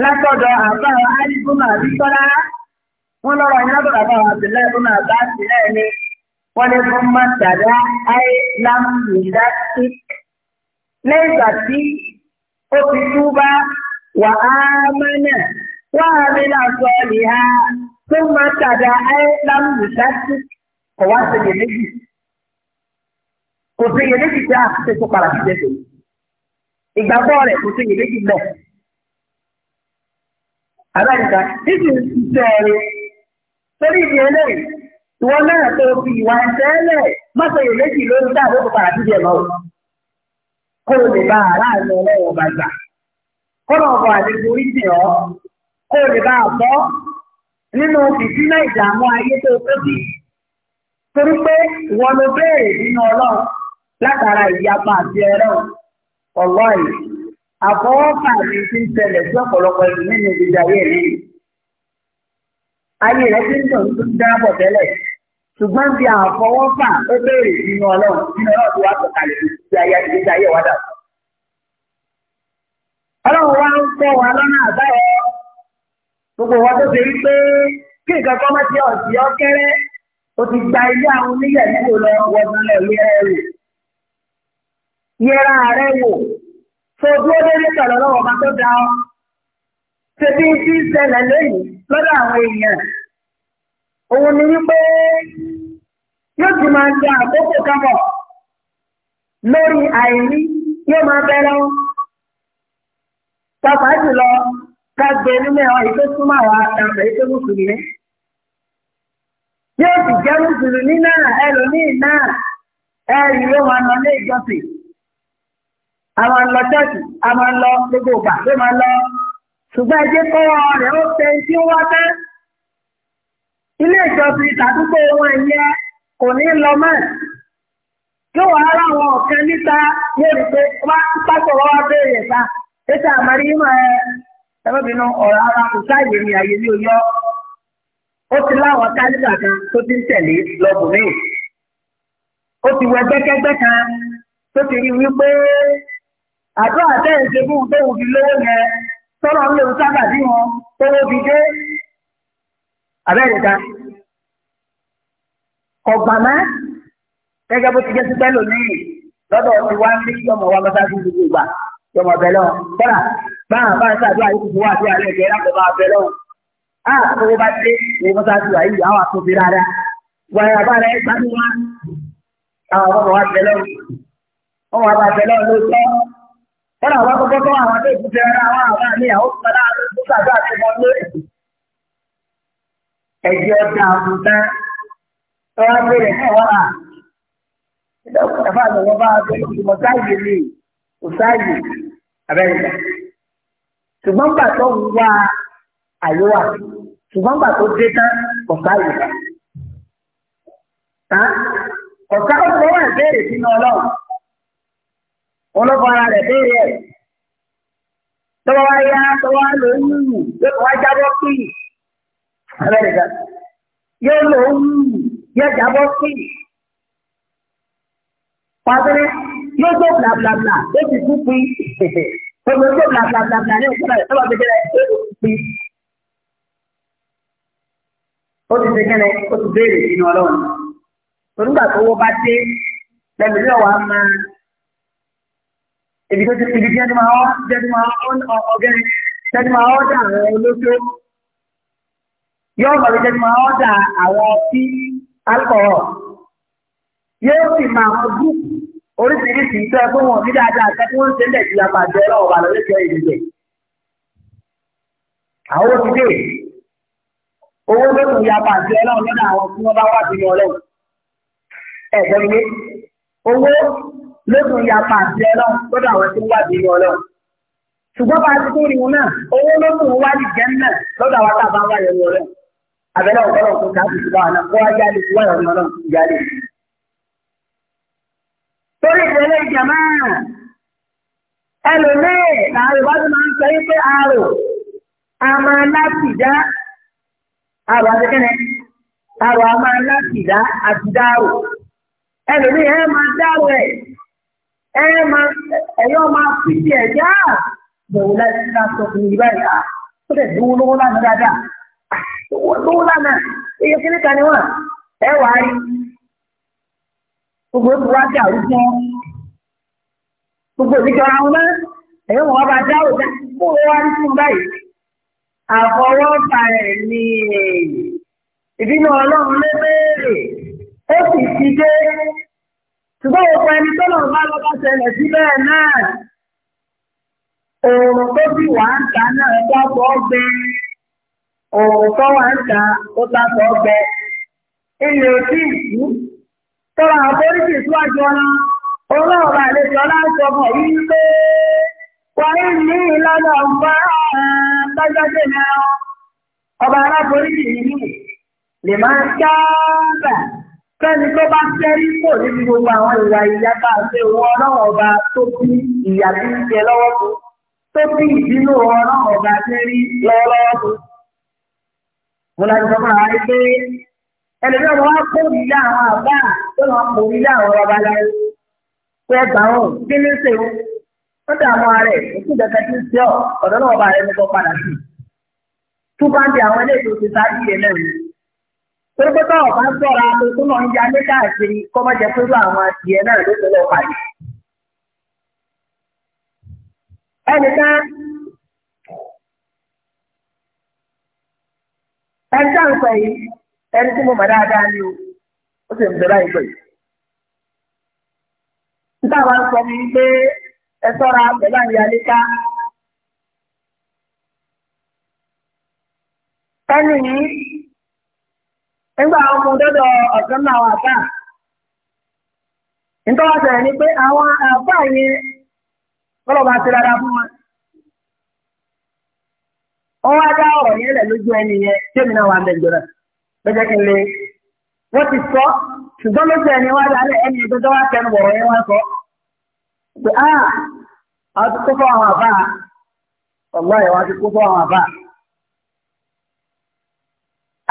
látọ̀dọ̀ àbá àdìgúnmọ̀ àbíkọ́lá wọn lọ́rọ̀ yín látọ̀dọ̀ àbá àbílẹ̀ ìbùnà àbá àbílẹ̀ ni wọ́n lè fún mọ́tàdá àìlámù ìdásí. lẹ́yìn tí ó fi túbá wà á mẹ́nà wà á fún mọ́tàdá méjì. kò sí méjì tí a ti tó padà àbẹ́ǹkà títí ìṣẹ́ẹ̀rẹ́ torí ìdí eléyìí ìwọ náà tó fi ìwà ìṣẹ́ẹ̀lẹ̀ mọ́sọ̀yẹ̀ méjì lórí dáàbò kò padà síbi ẹ̀mọ́ kó o lè bá aláàánú ọlọ́wọ́ bá gbà kó náà bọ̀ àdéhùn oríṣi ọ́ kó o lè bá a àfọwọ́fà mi ti ń ṣẹlẹ̀ sí ọ̀pọ̀lọpọ̀ ẹ̀sùn nínú ìdíje ayé rẹ̀ ayé rẹ̀ ti ń dùn tó ń dáàbọ̀ tẹ́lẹ̀ ṣùgbọ́n bí àfọwọ́fà ó béèrè nínú ọlọ́run nínú ọlọ́run ayé ayé wa dà. ọlọ́run ń kọ́ wa lọ́nà àbáyọ gbogbo wa tó ṣe rí pé kí nǹkan o ti gba ilé tó dúró lórí sọ̀rọ̀ lọ́wọ́ ọba tó da ọ́ ṣe bí tí ń ṣẹlẹ̀ lẹ́yìn lọ́dọ̀ àwọn èèyàn òun ni wípé yóò ti máa jẹ àkókò kábọ̀ lórí àìní yóò máa bẹ̀rẹ̀ wọn pàápàá jùlọ ká gbé nílé ọ ètò súnmọ́ àwọn àtàwọn ètò mùsùlùmí yóò sì jẹ́ mùsùlùmí náà ẹlòmíì náà ẹ̀rì yóò máa lọ ilé ìjọsìn. a máa ń lọ ṣẹ́ẹ̀kì a máa ń lọ gbogbo ụba ló máa ń lọ ṣùgbọ́n ẹ kọ́wọ́ rẹ̀ ó ṣe tí ó wá tẹ́ ilé ìjọsìn ìtàdúgbò wọn ẹ̀yẹ kò ní lọ mọ́ ara àwọn ọ̀kan níta lórí pé wá pásọ̀ wá béèrè ta ètò àmàrí mọ̀ ọ̀rọ̀ ara kò sáàyè ní ní oyọ́ ó kan tó ti ń tẹ̀lé ó ti wọ ẹgbẹ́kẹ́gbẹ́ kan tó ti rí wípé àjọ àtẹ́yìn ṣe fún tó wù fi lówó yẹn tọ́lọ́ ń lè wù sábà bí wọn tówó fi dé abẹ́rẹ́ta kọ̀gbàmá gẹ́gẹ́ bó ti jẹ́ sí pẹ́lú níyì lọ́dọ̀ ti wá ní yọmọ wa mọ́sáájú gbogbo ìgbà yọmọ bẹ̀rẹ̀ ọ̀ kọ́ra báwọn bá ń ṣàdúrà yìí kò wá sí àlẹ́ ìgbẹ́ láti bá bẹ̀rẹ̀ ọ̀ á kókó bá dé ní mọ́sáájú àyè àwọn àtúnfi rárá wàyà bá rẹ̀ gbádùn àwọn ọmọ wa bẹ̀rẹ̀ ọ̀ ọmọ wa bẹ̀rẹ̀ ọ̀ lóòótọ́ Wọ́n àwọn akọ́kọ́ tó àwọn tó ìfúnjẹ ara wọn àwọn àmì àwọn tó padà tó sàdúrà tó mọ lórí. Ẹ̀jẹ̀ ọ̀dà àbùtá tó wá bèrè fún wọn à. Ẹ̀fọ́ àgbẹ̀wọ̀ bá a gbé ìmọ̀ sáàyè mi, kò sáàyè abẹ́rẹ́ ìgbà. Ṣùgbọ́n gbà tó ń wá àyè wà, ṣùgbọ́n gbà tó dé tán kò sáàyè gbà. Ọ̀sá ó ìbéèrè sínú ọlọ́run ọlọ́kọ̀ọ́ra rẹ̀ léèrè ẹ̀ tọ́wọ́ wá yá tọ́wọ́ lò ó wúwù yóò wá jábọ́ pì abẹ́rẹ́dá yóò lò ó wúwù yóò jábọ́ pì pàtẹ́rẹ́ yóò tó blablabla yóò ti kú pì gbogbo tó blablabla ní òkúta rẹ̀ tọ́wọ́ gbẹdẹ́rẹ́ yóò tó pì. ó ti ṣe kẹ́lẹ́ ó ti béèrè sínú ọlọ́run onígbà tó wọ́ bá dé lẹ́nu ní ọ̀wá máa ibi tó ti ibi tí ẹni máa jẹ́ni máa ọ́n ọ̀gẹ́ni jẹ́ni máa ọ́dà àwọn olóṣó yóò mọ̀ jẹ́ni máa ọ́dà àwọn ọtí alcohol yóò sì máa wọn gúúpù oríṣiríṣi tó ẹ fún wọn ní dáadáa àti tí wọ́n ń tẹ́lẹ̀ sí apàjọ ọ̀rọ̀ wà lọ́lẹ́jọ́ ìdílé àwọn òṣìṣẹ́ owó tó kù ya apàjọ ọlọ́run lọ́dà àwọn tí wọ́n bá wà sínú ọlọ́run ẹ̀gbọ́n ilé owó lókun ya pàṣẹ lọ lọ́dọ̀ àwọn tí ń wádìí ní ọlọ́run. ṣùgbọ́n bá a ti kún ìrìnnà náà owó lókun wádìí jẹ́ náà lọ́dọ̀ àwọn tá a bá ń wáyọ̀ ní ọlọ́run. àbẹ̀lẹ̀ ọ̀gọ́rọ̀ kò ká bìí wà náà kó wá jáde kó wáyọ̀ ní ọlọ́run kò jáde. torí ìdílé ìjàmá ẹlòmíì làárọ̀ bá ti máa ń sọ yí pé àrò a máa láti dá àrò àtẹkẹ́nẹ́ àrò a máa láti dá àti dárò ẹlòmíì ẹ máa dárò ẹ̀ ẹ̀yọ́ máa fi ti ẹ̀já bẹ̀rù láti ní aṣọ fún yìí báyìí ah, ó dẹ̀ dúró lówó lánàá dáadáa lówó ah, lánàá iye kí níta ni wọ́n ẹ wà á rí gbogbo ètò wá sí àwùjọ gbogbo ìdíjọ ara wọn ẹ̀yọ́ wọn bá dá òjá kó o wá rí fún báyìí àfọwọ́fà ẹ̀ ni ìbínú ọlọ́run lé béèrè ó sì ti dé ṣùgbọ́n òkú ẹni tó lọ bá lọ bá ṣẹlẹ̀ sí bẹ́ẹ̀ náà òòrùn tó sì wà ń ta náà dábọ̀ ọgbẹ òòrùn tó wà ń ta ó dábọ̀ ọgbẹ ilé òsì ìsú tọ́lá àforíjì síwájú ọlá ọlọ́ọ̀bà àlejò aláṣọ ọmọ yìí pé wáyé ní ìlànà ọgbà tọ́jọ́jẹ́ náà ọba aláforíjì yìí lè máa ń sáábà Fẹ́ni tó bá tẹ́rí pò nínú gbogbo àwọn ìwà ìyá bá ṣe wọ ọlọ́run ọba tó bí ìyà tí ń jẹ lọ́wọ́ fún, tó bí ìbínú ọlọ́run ọba tẹ́rí lọ́wọ́lọ́wọ́ fún. Mo láti sọ fún àwọn pé ẹlẹ́bí ọmọ wa kó ìyá àwọn àbá tó lọ kó ìyá àwọn ọba láyé. Pé ẹgbàá wọn kí ní ṣe wọn. Ó dààmú ara ẹ̀ òkú ìdẹ́ka tí ń ṣe ọ̀dọ́ náà ọba rẹ̀ ní kọ́ padà sí. Túbá àwọn ilé ìtòsí sáájú yẹn náà pé bá ọ̀bá sọ̀rọ̀ àti tó máa ń ya ní káàkiri kó má jẹ pé àwọn adìẹ náà ló tó pàdé. ẹnìkan ẹni tá ń sọ yìí ẹni tí mo mọ̀ dáadáa ni o ó sì ẹ sọ́ra pẹ̀lú àwọn ìyá níta. nígbà àwọn ọmọ dọ́dọ̀ ọ̀kan náà wà fà nítorí wọ́n sọ̀rọ̀ ni pé àwọn àfà yẹn kọ́lọ̀ ti rárá fún wọn. wọ́n wá dá ọ̀rọ̀ yẹn lẹ̀ lójú ẹni yẹn náà wà ń kí n lè wọ́n ti sọ ṣùgbọ́n wá ẹni wá tẹnu yẹn wá sọ pé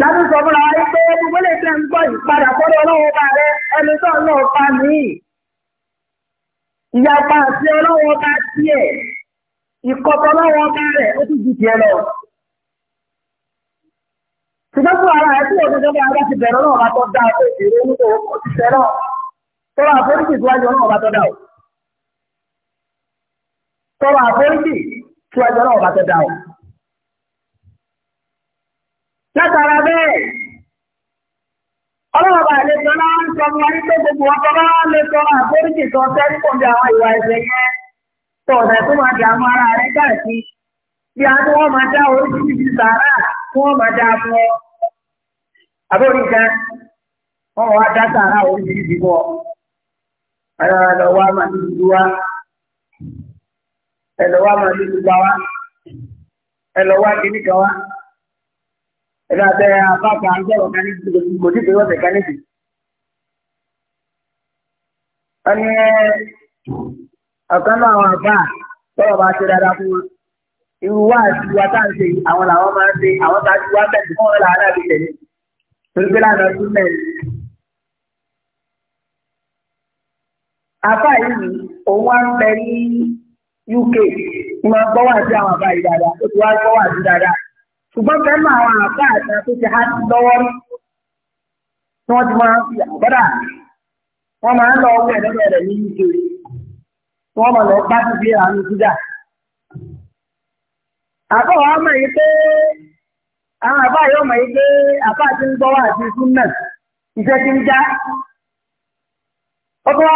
Láti sọ fúnra wáyé pé gbogbo lè tẹ́ ń gbọ́ ìpadà fọ́dọ̀ ọlọ́wọ́ bá rẹ ẹni tó ń lọ pa mí. Ìyapa àti ọlọ́wọ́ bá tiẹ̀, ìkọ̀tọ̀ ọlọ́wọ́ bá rẹ̀ ó ti jù tiẹ̀ lọ. Ṣùgbọ́n fún ara ẹ̀ tí òun gẹ́gẹ́ bí ara ti bẹ̀rẹ̀ ọlọ́wọ́ bá tọ́ da pé ìrònú tó òṣìṣẹ́ náà tọ́wọ́ àforíjì síwájú ọlọ́wọ́ bá tọ́ da o. Tọ́wọ́ àforíjì síwájú ọlọ́wọ́ bá tọ́ da o. látara bẹ́ẹ̀ ọlọ́wọ́ba àlejò náà ń sọ fún ayé gbogbo ọkọ̀ bá wọ́n lè sọ bí àwọn ìwà ẹ̀ṣẹ̀ yẹn tó ọ̀nà tó máa di àwọn ará rẹ̀ káàkiri bí a ní wọ́n máa dá oríṣiríṣi sàárà wọ́n máa dá fún ẹ̀ka tẹ apáka ajá ọ̀gáníìkì kò tí pé wọ́n mẹkáníìkì. wọ́n ní ọ̀kan náà àwọn àbá tọ́wọ́ bá ṣe dáadáa fún wọn. irú wá àti ìwà tá à ń ṣe àwọn làwọn máa ń ṣe àwọn tá a ti wá bẹ̀rẹ̀ fún wọn làwọn náà tẹ̀lé. torí pé lánàá tún mẹ́rin. àbá yìí òun wá ń bẹ ní UK. ìmọ̀ gbọ́wọ́ àti àwọn àbá yìí dáadáa ó ti wá gbọ́wọ́ àti dáadáa. ṣùgbọ́n pẹ̀lú àwọn àbá àti àti ti há lọ́wọ́ rí tí wọ́n ti máa fi àbọ̀dà wọ́n máa ń lọ ọwọ́ ẹ̀dọ́dọ̀ rẹ̀ ní uk tí wọ́n máa lọ bá ti àánú sídà. àbọ̀ wa mọ̀ pé àwọn àbá yóò mọ̀ pé àbá ti ń gbọ́wọ́ àti náà iṣẹ́ ti ń já. ó tún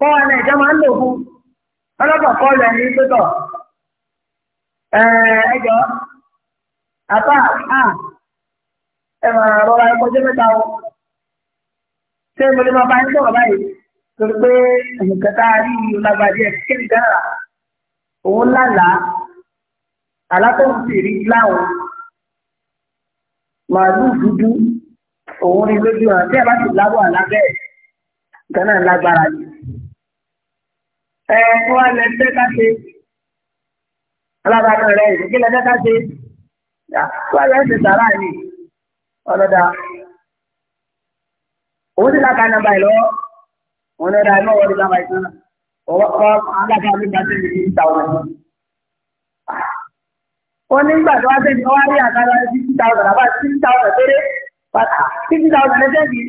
wá lo bọ́wọ́ ẹjọ́ àbá à ẹ máa rọra ẹ kọjá mẹ́ta o ṣé mo lè máa bá yín sọ̀rọ̀ báyìí torí pé nǹkan tá a rí i lágbàdí ẹ kéde dára òun lálàá alákòóhùn sì rí láwọn màálù dúdú òun rí lójú hàn tí ẹ bá sì lábọ̀ àlábẹ́ ẹ̀ lágbára ni. ẹ wọ́n á lẹ ká ṣe alábàákan rẹ̀ ìdíkí lẹ́jọ́ ká ṣe wáyé ẹ̀sìn sàrà ni ọlọ́dà òun ti láka nàmbà ìlọ òun ní ra ẹ̀mọ́ wọlé nàmbà ìtàn ọwọ́ alága mi bá ṣe ìdí ìta wọn. ó ní gbà tó wá sí ìdíwọ́ rí àkàrà ní fifty thousand àbá fifty thousand péré fifty thousand ẹ̀jẹ̀ mi.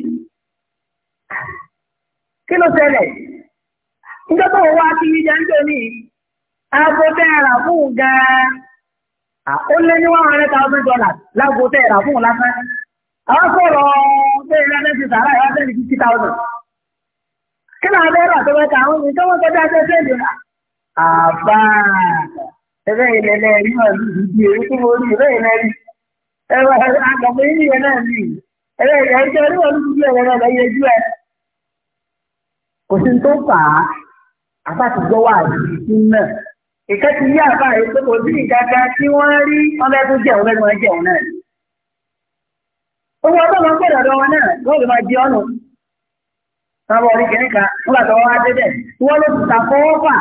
kí ló ṣẹlẹ̀ nígbà tó wọ́n wá sí ìjà ń jẹ́ mi yìí. agote tẹ́ ẹ rà gan-an. Ó lé ní one hundred thousand dollars lásán. Àwọn sọ̀rọ̀ pé sàrà fifty thousand. Kí ni abẹ́ rà tó bẹ́ ta àwọn ìṣẹ́ wọn ṣe ṣe ìlera? Àbá ẹgbẹ́ ilẹ̀ lẹ́ẹ̀rí náà ní ìdí èyí tí mo rí ilẹ̀ rí. yìí yẹn náà wọn ìkẹ́ ti yí àbá yìí pé kò sí ìdájá tí wọ́n rí ọlẹ́dún jẹun lẹ́gbọ̀n jẹun náà. owó ọdún máa ń pè lọ́dọ̀ wọn náà wọ́n lè máa di ọ̀nà. wọ́n bọ̀ orí kìnnìkan nígbà tó wọ́n wá débẹ̀ wọ́n ló ta fọwọ́ fà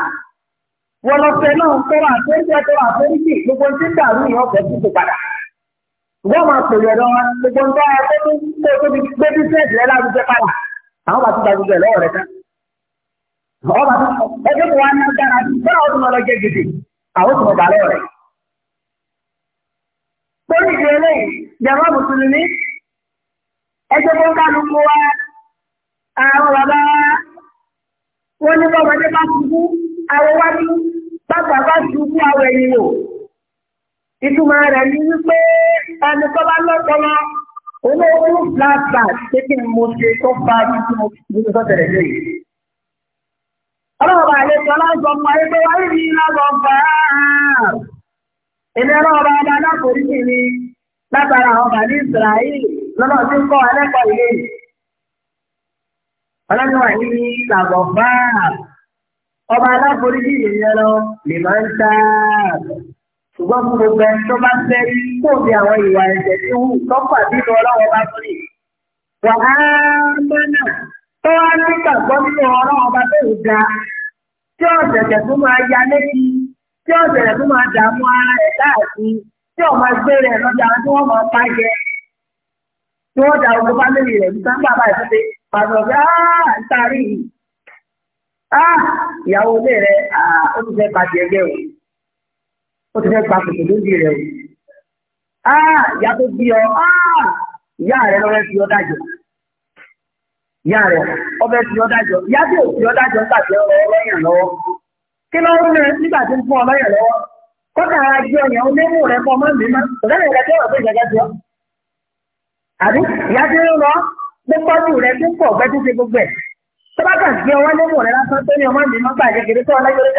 wọ́n lọ fẹ́ náà tó wà tó ń jẹ́ tó wà tó ń jì gbogbo tí ń dàrú yìí ọ̀fẹ́ tó kò padà. wọ́n máa pè lọ́dọ̀ wọn gbogbo ń bá ọ ọba ẹgbẹ́ kò wá ní dára bẹ́ẹ̀ ọdún ọlọ́jẹ́ gidi àwọn tó dà lọ́rẹ̀. torí ìdí eléyìí jẹ̀rọ mùsùlùmí ẹgbẹ́ tó ń kálukú wa àwọn bàbá wọn ní bọ́mọdé bá ṣubú àwọn wájú bàbá bá ṣubú àwọn ẹ̀yìn o. ìtumọ̀ rẹ̀ ni wípé ẹni tó bá lọ́pọlọ olóògùn flashback pé kí ni mo ṣe tó fa ibi tí mo ti sọ́tẹ̀rẹ̀ lẹ́yìn ọlọ́ọ̀bà àlejò aláìsọ mọ̀ ẹgbẹ́ wáyé ní lábọ̀ fàá èmi ọlọ́ọ̀bà ọba alákòókì ni látara ọba ní Israel lọ́nà tí ń kọ́ ẹlẹ́kọ̀ọ́ ilé ọlọ́dúnwà ní lábọ̀ fàá ọba aláforíjì ìyẹn lọ lè máa ń ta ṣùgbọ́n fún gbogbo ẹni tó bá fẹ́ kó bí àwọn ìwà ẹ̀jẹ̀ tí wù tọ́pọ̀ àbínú ọlọ́wọ́ bá fún yìí wàhálà tó wá ní kàgbọ́ nínú ọlọ́wọ́ bá tó tí ọ̀sẹ̀sẹ̀ tó máa ya létí tí ọ̀sẹ̀sẹ̀ tó máa dààmú ara rẹ̀ tí ọ̀ máa gbé rẹ̀ lọ́jà tí wọ́n máa bá jẹ tí wọ́n da ogun fámìlì rẹ̀ ní sáńgbà báyìí pàṣẹ ọ̀gá ìyàwó ilé rẹ̀ ó ti fẹ́ pàṣẹ ẹgbẹ́ o ó ti fẹ́ pa kòtò rẹ̀ o ìyá tó bí ọ ìyá rẹ̀ ọ ìyá rẹ̀ ọbẹ̀ tí ó dájọ́ ìyá tí ò tí ó dájọ́ nígbà tí lọ́wọ́ kí ló ń rẹ nígbà tí ń fún ọ lọ́wọ́ kọ́kà ara jẹ́ ọ̀yàn onímù rẹ̀ fún ọmọ mi máa ọ̀gá rẹ̀ jẹ́ ọ̀gbẹ́ ìjẹ́jẹ́ jọ. àbí ìyá tí ń lọ ló pọ́jù rẹ̀ tó pọ̀ ọ̀gbẹ́ tó ṣe gbogbo ẹ̀ tó bá kà sí ọwọ́ onímù rẹ̀ lásán tó ní ọmọ mi máa gbà kékeré tó ọlọ́yọ̀rẹ́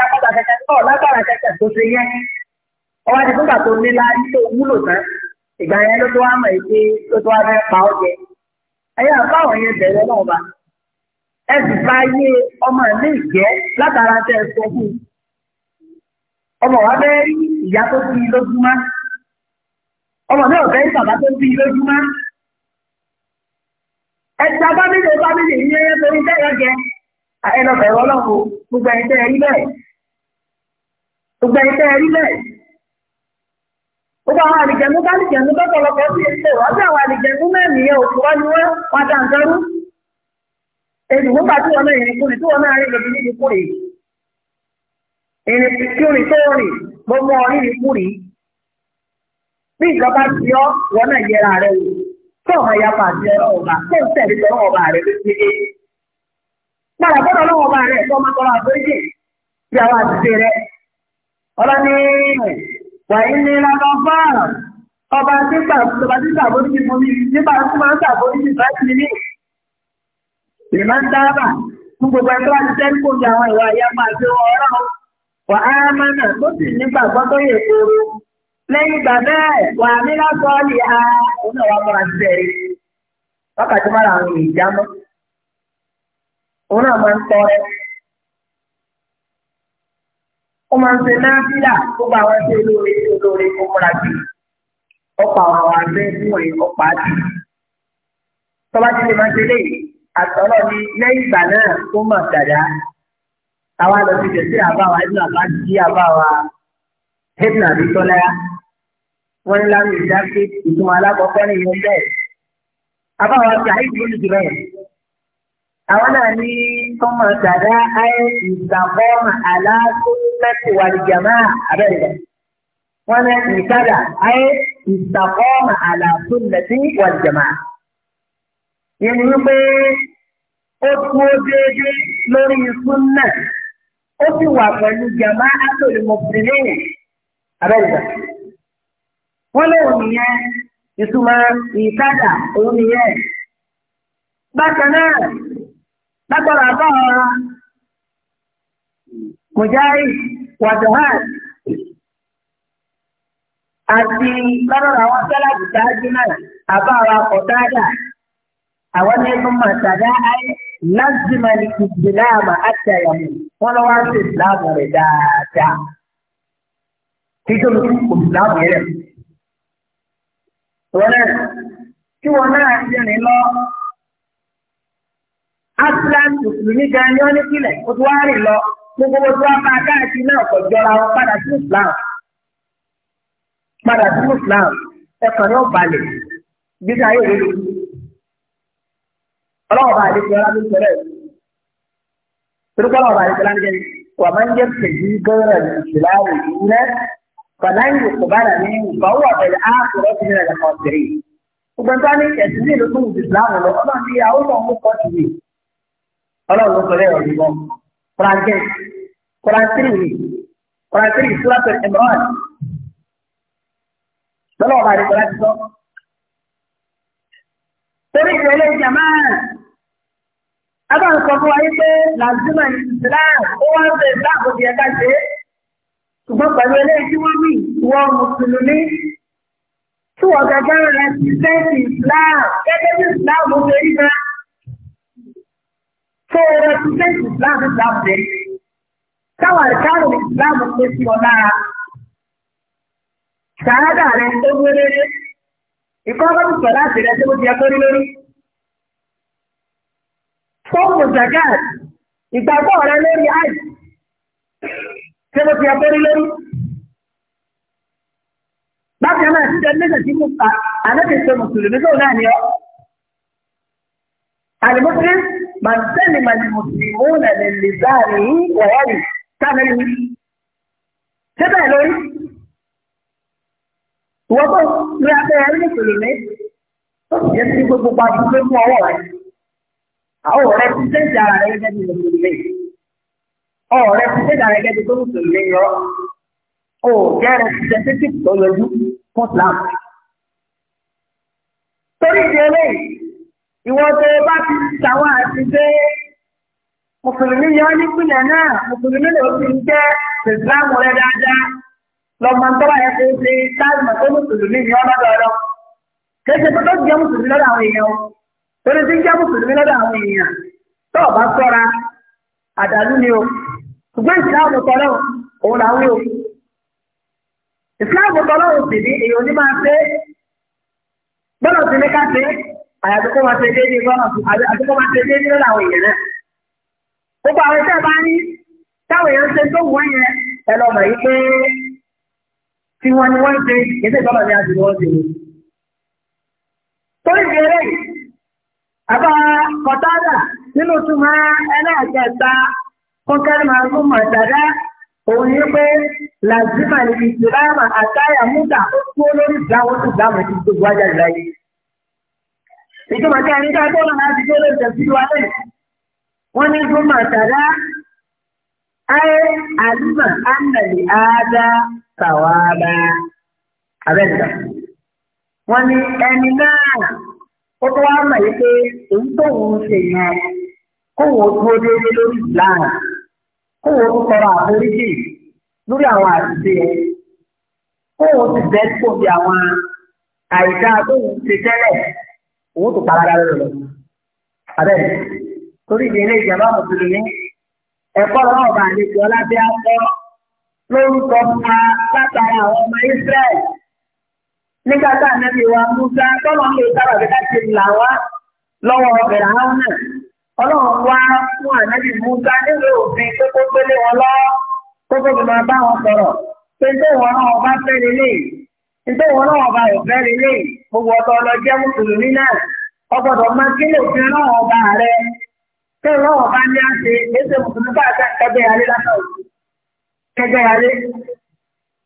jákọ́ta ẹ̀yà àbáwọn yẹn bẹ̀rẹ̀ náà bá ẹ sì bá yé ọmọ ilé ìjẹ́ látara tẹ́ ẹ sọ fún un ọmọ wa bẹ́ẹ̀ rí ìyá tó bí i lójúmọ́ ọmọ mi ò bẹ́ẹ̀ rí bàbá tó bí i lójúmọ́ ẹ̀ta bábílì bábílì ní ẹyẹ torí bẹ́ẹ̀ jẹ ẹlọ́bẹ̀rẹ̀ ọlọ́run gbogbo ẹ̀yìn tẹ́ ẹ rí bẹ́ẹ̀ gbogbo ẹ̀yìn tẹ́ ẹ rí bẹ́ẹ̀. Gbogbo àwọn àlìjẹ̀mú bá àlìjẹ̀mú lọ́pọ̀lọpọ̀ sí ilé wọ́n sí àwọn àlìjẹ̀mú mẹ́rin yẹn òkú wọ́n ni wọ́n wá dá nǹkan rú. Èdè nígbà tí wọn náà yẹn kúrì tí wọn náà rí lòdì níbi kúrì. Ìrìn kúrì tó rìn gbogbo ọ̀rí ni Bí ìjọba ti ọ́ wọn náà yẹra rẹ̀ wò. Tó ọmọ ya pàṣẹ ọba wàyí ní lọ́kọ́ fáà ọba nígbà ọba nígbà àbóríjì mú mi nígbà tí máa ń sàbóríjì bá ti ní lè máa ń dábà fún gbogbo ẹgbẹ́ láti tẹ́lẹ̀ kó ní àwọn ìwà ìyá máa fi wọ ọ̀rọ̀ wà á máa nà tó sì nígbà gbọ́dọ̀ yẹ kóró lẹ́yìn ìgbà bẹ́ẹ̀ wà á ní lọ́sọ̀ ọ̀lì ha òun ó máa ń ṣe náfìlà tó bá wọn ṣe lóore lóore kó múra sí i ọ̀pọ̀ àwọn àwọn abẹ́ fún ẹ̀ ọ̀pọ̀ àti tọ́ba ti lè máa ṣe lè àtọ́lọ́ ní lẹ́yìn ìgbà náà ó mà dàda àwa lọ sí tẹ̀sí àbáwa ẹ̀dùn àbá jí àbáwa ẹ̀dùn àbí tọ́lá wọn ní láwọn ìdáké ìtumọ̀ alákọ̀ọ́kọ́ ní ìyẹn bẹ́ẹ̀ àbáwa ti àyíkú ló ti bẹ́ẹ̀ àwọn náà ní tọ́mọ̀ dàda ayé ìgbàgbọ́ sunnati wal jamaa abẹ́rẹ́ wọn ní ìtajà ayé ìtàkọ́mà àlà sunnati wal jamaa. yẹn ní pé ó dúró déédéé lórí súnnà ó sì wà pẹ̀lú jamaa àtòlè mùsùlùmí abẹ́rẹ́ wọn lóun nìyẹn ìtumọ̀ ìtajà òun nìyẹn. bákan náà lágbára bá ọ̀rọ̀ mujahid wàdùhàn àti lọ́dọ̀ àwọn sẹ́láàbù ṣáájú náà àbá àwọn ọ̀dáàdà àwọn ẹgbẹ́ máa ṣàdá ayé lásìmọ̀ ní ìsìláàmù àtẹ̀yàmù wọn lọ́wọ́ sí ìsìláàmù rẹ̀ dáadáa. Títí omi kò ìsìláàmù rẹ̀. Wọ́n náà tí wọ́n náà ṣe rìn lọ Aslan Mùsùlùmí gan ni wọ́n ní sílẹ̀, ó ti wá rìn lọ gbogbo wọn tó wá bá a káàkiri náà kò jọra wọn padà sí Islam padà sí Islam ẹ̀kọ́ náà balẹ̀ gbígbé ayé rẹ̀ ọlọ́wọ́ bá a lè fi ọlá mi sọ̀rọ̀ ẹ̀ torúkọ́ ọlọ́wọ́ bá a lè fi ọlá mi sọ̀rọ̀ ẹ̀ wà máa ń jẹ́ pẹ̀lú gọ́ọ̀rọ̀ ìṣìláwò ìṣúná fàlàyé òkùbára ní ìfọwọ́ ọ̀bẹ̀rẹ̀ áàkùrọ̀ ti rẹ̀ lọ́kọ̀ ọ̀sẹ̀rẹ̀ yìí. ṣùgbọ́n Quran ten, Quran three, Quran three, Surah Al Imran. Lọ́lọ́ ọba àdìgbò láti sọ. Torí ìrẹ̀lẹ̀ jamaa, Abba ń sọ fún wa wípé Lazima ní Islam, ó wá ń bẹ Islam kò tiẹ̀ ká ṣe é. Ṣùgbọ́n pẹ̀lú eléyìí tí wọ́n wí, wọ́n Mùsùlùmí tó o represent Islam Islam rẹ̀ táwọn àrùn Islam pé sí ọ lára ṣàádà rẹ̀ tó wéréré ìkọ́ bá sọ láti rẹ̀ tó ti ẹgbẹ́ lórí. Fọ́ọ̀mù Zakat ìgbàgbọ́ rẹ̀ lórí àìsí tí mo ti abẹ́rẹ́ lórí. Bákan náà ti dẹ́nu méjèèjì mú pa àlẹ́kẹ̀ẹ́ sọ Mùsùlùmí tó náà ni ọ́. Àlùmọ́sílẹ̀ من سلم المسلمون من لسانه ويده كان يمين síbẹ̀ lórí wọ́n tó ní abẹ́rẹ́ rí nìkòlè ní tó sì jẹ́ sí gbogbo pàtó pé fún ọwọ́ rẹ̀ àwọn ọ̀rẹ́ ti tẹ́jà ara rẹ̀ gẹ́gẹ́ bí mùsùlùmí ọ̀rẹ́ ti tẹ́jà rẹ̀ gẹ́gẹ́ bí mùsùlùmí yọ ó jẹ́rẹ̀ ti tẹ́ títí tó yọjú fún Islam torí ìdí ìwọ́n tó bá ti ṣàwọn àti pé mùsùlùmí yọ nípìnlẹ̀ náà mùsùlùmí ló ti ń jẹ́ ìsìláàmù rẹ dáadáa lọ́mọ tó bá yẹ kó ṣe láàmú tó mùsùlùmí yọ lọ́dọọdọ kéṣe tó tó jẹ́ mùsùlùmí lọ́dọ̀ àwọn èèyàn torí tí ń jẹ́ mùsùlùmí lọ́dọ̀ àwọn èèyàn tó o bá sọ́ra àdàlú ni o ṣùgbọ́n ìsìláàmù tọ́lọ́ òun làwọn yòó ìsìláàmù tọ́lọ́ òsì ni èèyàn ní máa ṣe gbọ́dọ̀ sí ní ká àyàtọ̀ máa ṣe déédéé lọ́nà àti máa ṣe déédéé lọ́nà àwọn èèyàn náà. gbogbo àwọn iṣẹ́ bá ní táwọn èèyàn ṣe tó wọ́n yẹn ẹ lọ mọ̀ yìí pé tí wọ́n ni wọ́n ṣe ìṣe ìjọba ni àti wọ́n ṣe. torí ìdí eré àbá kọ̀tádà nínú túmọ̀ ẹlẹ́ẹ̀kẹta kọ́kẹ́rì máa ń mọ̀ dàdá òun ní pé làzima ni àtàyà múdà ó kú olórí ìdáwó tó dáhùn ti gbogbo ajá ìlà yìí ìjọba tí a ní káàkó lọ láti tó lè tẹ̀sí wa lẹ́yìn wọ́n ní fún màtàrá ayé àlùmọ̀ ánàlì àádá tàwàbá abẹ́ǹdà wọ́n ní ẹni náà ó tó wá mọ̀ yìí pé èyí tó ń ṣe yẹn kóhùn ó dúró déédéé lórí ìlànà kóhùn ó tún tọrọ àforíjì lórí àwọn àṣìṣe yẹn kóhùn ó ti bẹ́ẹ̀ kó bí àwọn àìdá tó ń ṣe tẹ́lẹ̀ owó tó para rẹ lọ. Abẹ́ torí ìdílé ìjọba mùsùlùmí ẹ̀kọ́ lọ́wọ́ bá àlejò ọlábẹ́ akọ́ lórúkọ fún wa látara àwọn ọmọ Ísírẹ́lì. Nígbà tá ànábì wa Musa tọ́lọ́ ní ìtara òkèta ti là wá lọ́wọ́ ọbẹ̀rẹ̀ àwọn náà. Ọlọ́run wá fún ànábì Musa nílò òfin kókó pélé wọn lọ́wọ́ kókó bí máa bá wọn sọ̀rọ̀ pé tó wọn náà wọn fẹ́ lélẹ́yìí. Ìgbé wọn náà ọba ẹ̀fẹ́ rere gbogbo ọ̀tọ̀ ọlọ́jẹ́ mùsùlùmí náà ọgbọ́dọ̀ máa kí lè fi náà ọba rẹ tó náà ọba ní àṣẹ ẹsẹ̀ mùsùlùmí bá kẹgbẹ́ yàrá lásán kẹgbẹ́ yàrá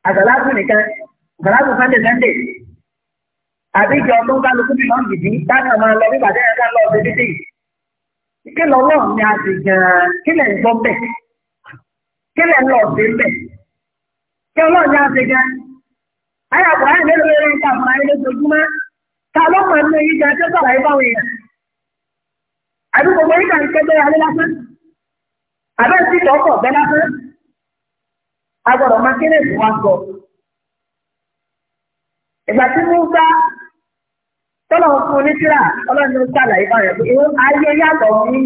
àgbàlagbù nìkan àgbàlagbù sànńdè sànńdè àbí ìjọ ọdún kálukú bí wọn gidi táwọn máa lọ nígbà tẹ́lẹ̀ ká lọ sí títì kí lọ lọ ní àṣẹ gan ń gbọ́ bẹ̀ kí lẹ̀ ń lọ sí Àyà kò ráyè mélòó lórí ìta fún ayé lójoojúmọ́. Ta ló mọ̀ nínú yíjẹ sọ̀rọ̀ Àbí gbogbo ń lásán? Àbẹ́ lásán? A gbọ́dọ̀ máa kéré fún wa sọ. Ìgbà tí Musa tọ́lọ̀ fún oníṣírà ọlọ́run ló ṣàlàyé báyẹn pé ayé yàtọ̀ fún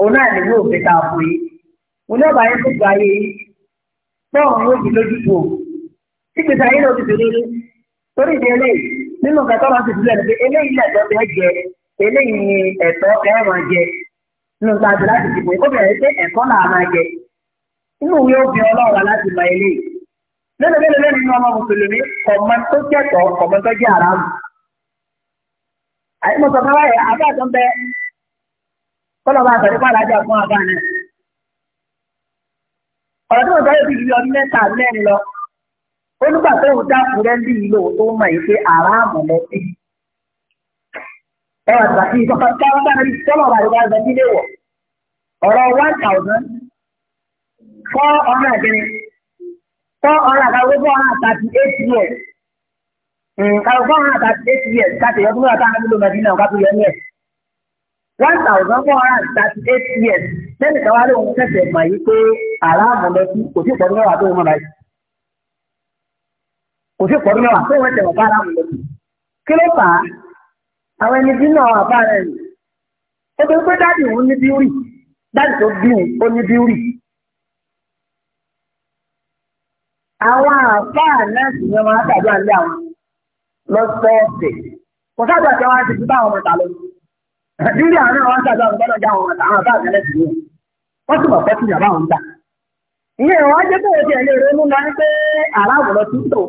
Òun náà òfin ta yìí. Mo ní ọ̀bà yẹn sígbèsè ayé náà ti fi rírí torí ìdí eléyìí nínú ọ̀gá tọ́lá ti sílẹ̀ pé eléyìí jẹ eléyìí ni ẹ̀tọ́ ẹ̀ máa jẹ nínú ìta àti láti dìbò ó bẹ̀rẹ̀ pé ẹ̀kọ́ náà máa jẹ inú ìwé òfin ọlọ́ọ̀la láti mọ eléyìí lẹ́nu lẹ́nu lẹ́nu ọmọ mùsùlùmí kọ̀mọ tó kọ̀mọ tó jẹ́ àràmù àyè onígbà tó ń dákúrẹ́ bí ìlò tó mọ̀ yìí pé àràmù lẹ́bí. ẹ wà gbàtí ìtọ́ka táwọn bá rí tọ́lọ̀ wà lóra ẹgbẹ́ nílé wọ̀ ọ̀rọ̀ one thousand four hundred kìíní four hundred àkàwé four hundred thirty eight years nǹkan hmm, four hundred thirty eight years káàtì ọdún mẹ́ta náà nílò mẹ́bí náà káàtì yẹn yẹn one thousand four hundred thirty eight years lẹ́nu kan wá lóhun fẹsẹ̀ mọ̀ yìí pé àràmù lẹ́bí kò sí ìtọ́jú mẹ́wàá tó ń mọ̀ báyìí kò sí pọ̀ mẹ́wàá tó wọ́n tẹ̀wọ̀ bára wọn lọ́kùn. kí ló fà á àwọn ẹni bí náà wà bára ẹ̀ ó bẹ pé dáàdì òun ní bíúrì dáàdì tó bí òun ó ní bíúrì. àwọn àfáà náà sì ni wọn á tàbí àlẹ́ àwọn lọ́sọ̀ọ̀sẹ̀ kò sábà tí wọ́n á ti fi bá àwọn ọ̀tà lọ. bíúrì àwọn náà wọ́n sábà gbọ́dọ̀ já àwọn ọ̀tà àwọn àfáà náà sì ni wọ́n sì mọ̀ fẹ́ sí ìyàbá àwọn ọ̀tà. ìyẹn wọn á jẹ́ pé òkè ẹ̀lẹ́ ìrònú lọ ní pé àrà àwòrán tuntun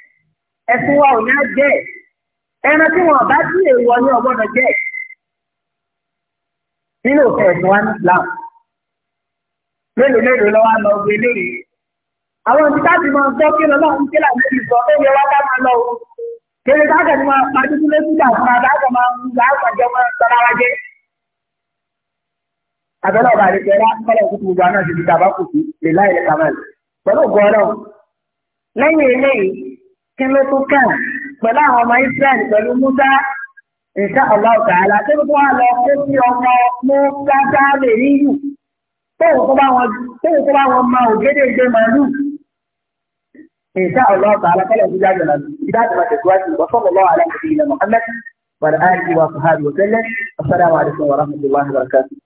ẹ̀sìn wa ò ní á jẹ́ ẹran tí wọn bá tí èèwọ̀ ni ọgbọ́dọ̀ jẹ́ nínú òfin ẹ̀sìn wa ní Islam mélòó mélòó lọ́wọ́ lọ gbé léèrè àwọn ibi táàbì máa ń gbọ́ kí lọ́lọ́ ń kílà lórí ìsọ tó yẹ wá dáná lọ o kéré táàgà ni máa pa dúdú lójú ìjà fún abẹ́ àgbà máa ń gbà àgbàjọ máa ń sọra wa jẹ́ abẹ́lẹ́ ọ̀bà àdìgbẹ́ rá kọ́lọ̀ kúkú gbogbo àná ti di tàbá kùkú lè láì lè kàmáà pẹ̀lú ògbọ́n lẹ́yìn eléyìí kí ló tún kàn pẹ̀lú àwọn ọmọ Israẹli pẹ̀lú Musa insha Allah ta'ala tó tó wá lọ kó sí ọmọ Musa sáàlè yíyù tóun tó bá wọn ma ògédè gbé màálù insha Allah ta'ala kọ́lọ̀ tó jáde lọ ìdájọ́ máa tẹ̀síwájú wọ́n sọ̀rọ̀ lọ́wọ́ aláǹkì ilẹ̀ Muhammad wàlá àìsí wa sàhàbí wa tẹ́lẹ̀ assalamu alaikum wa rahmatullahi wa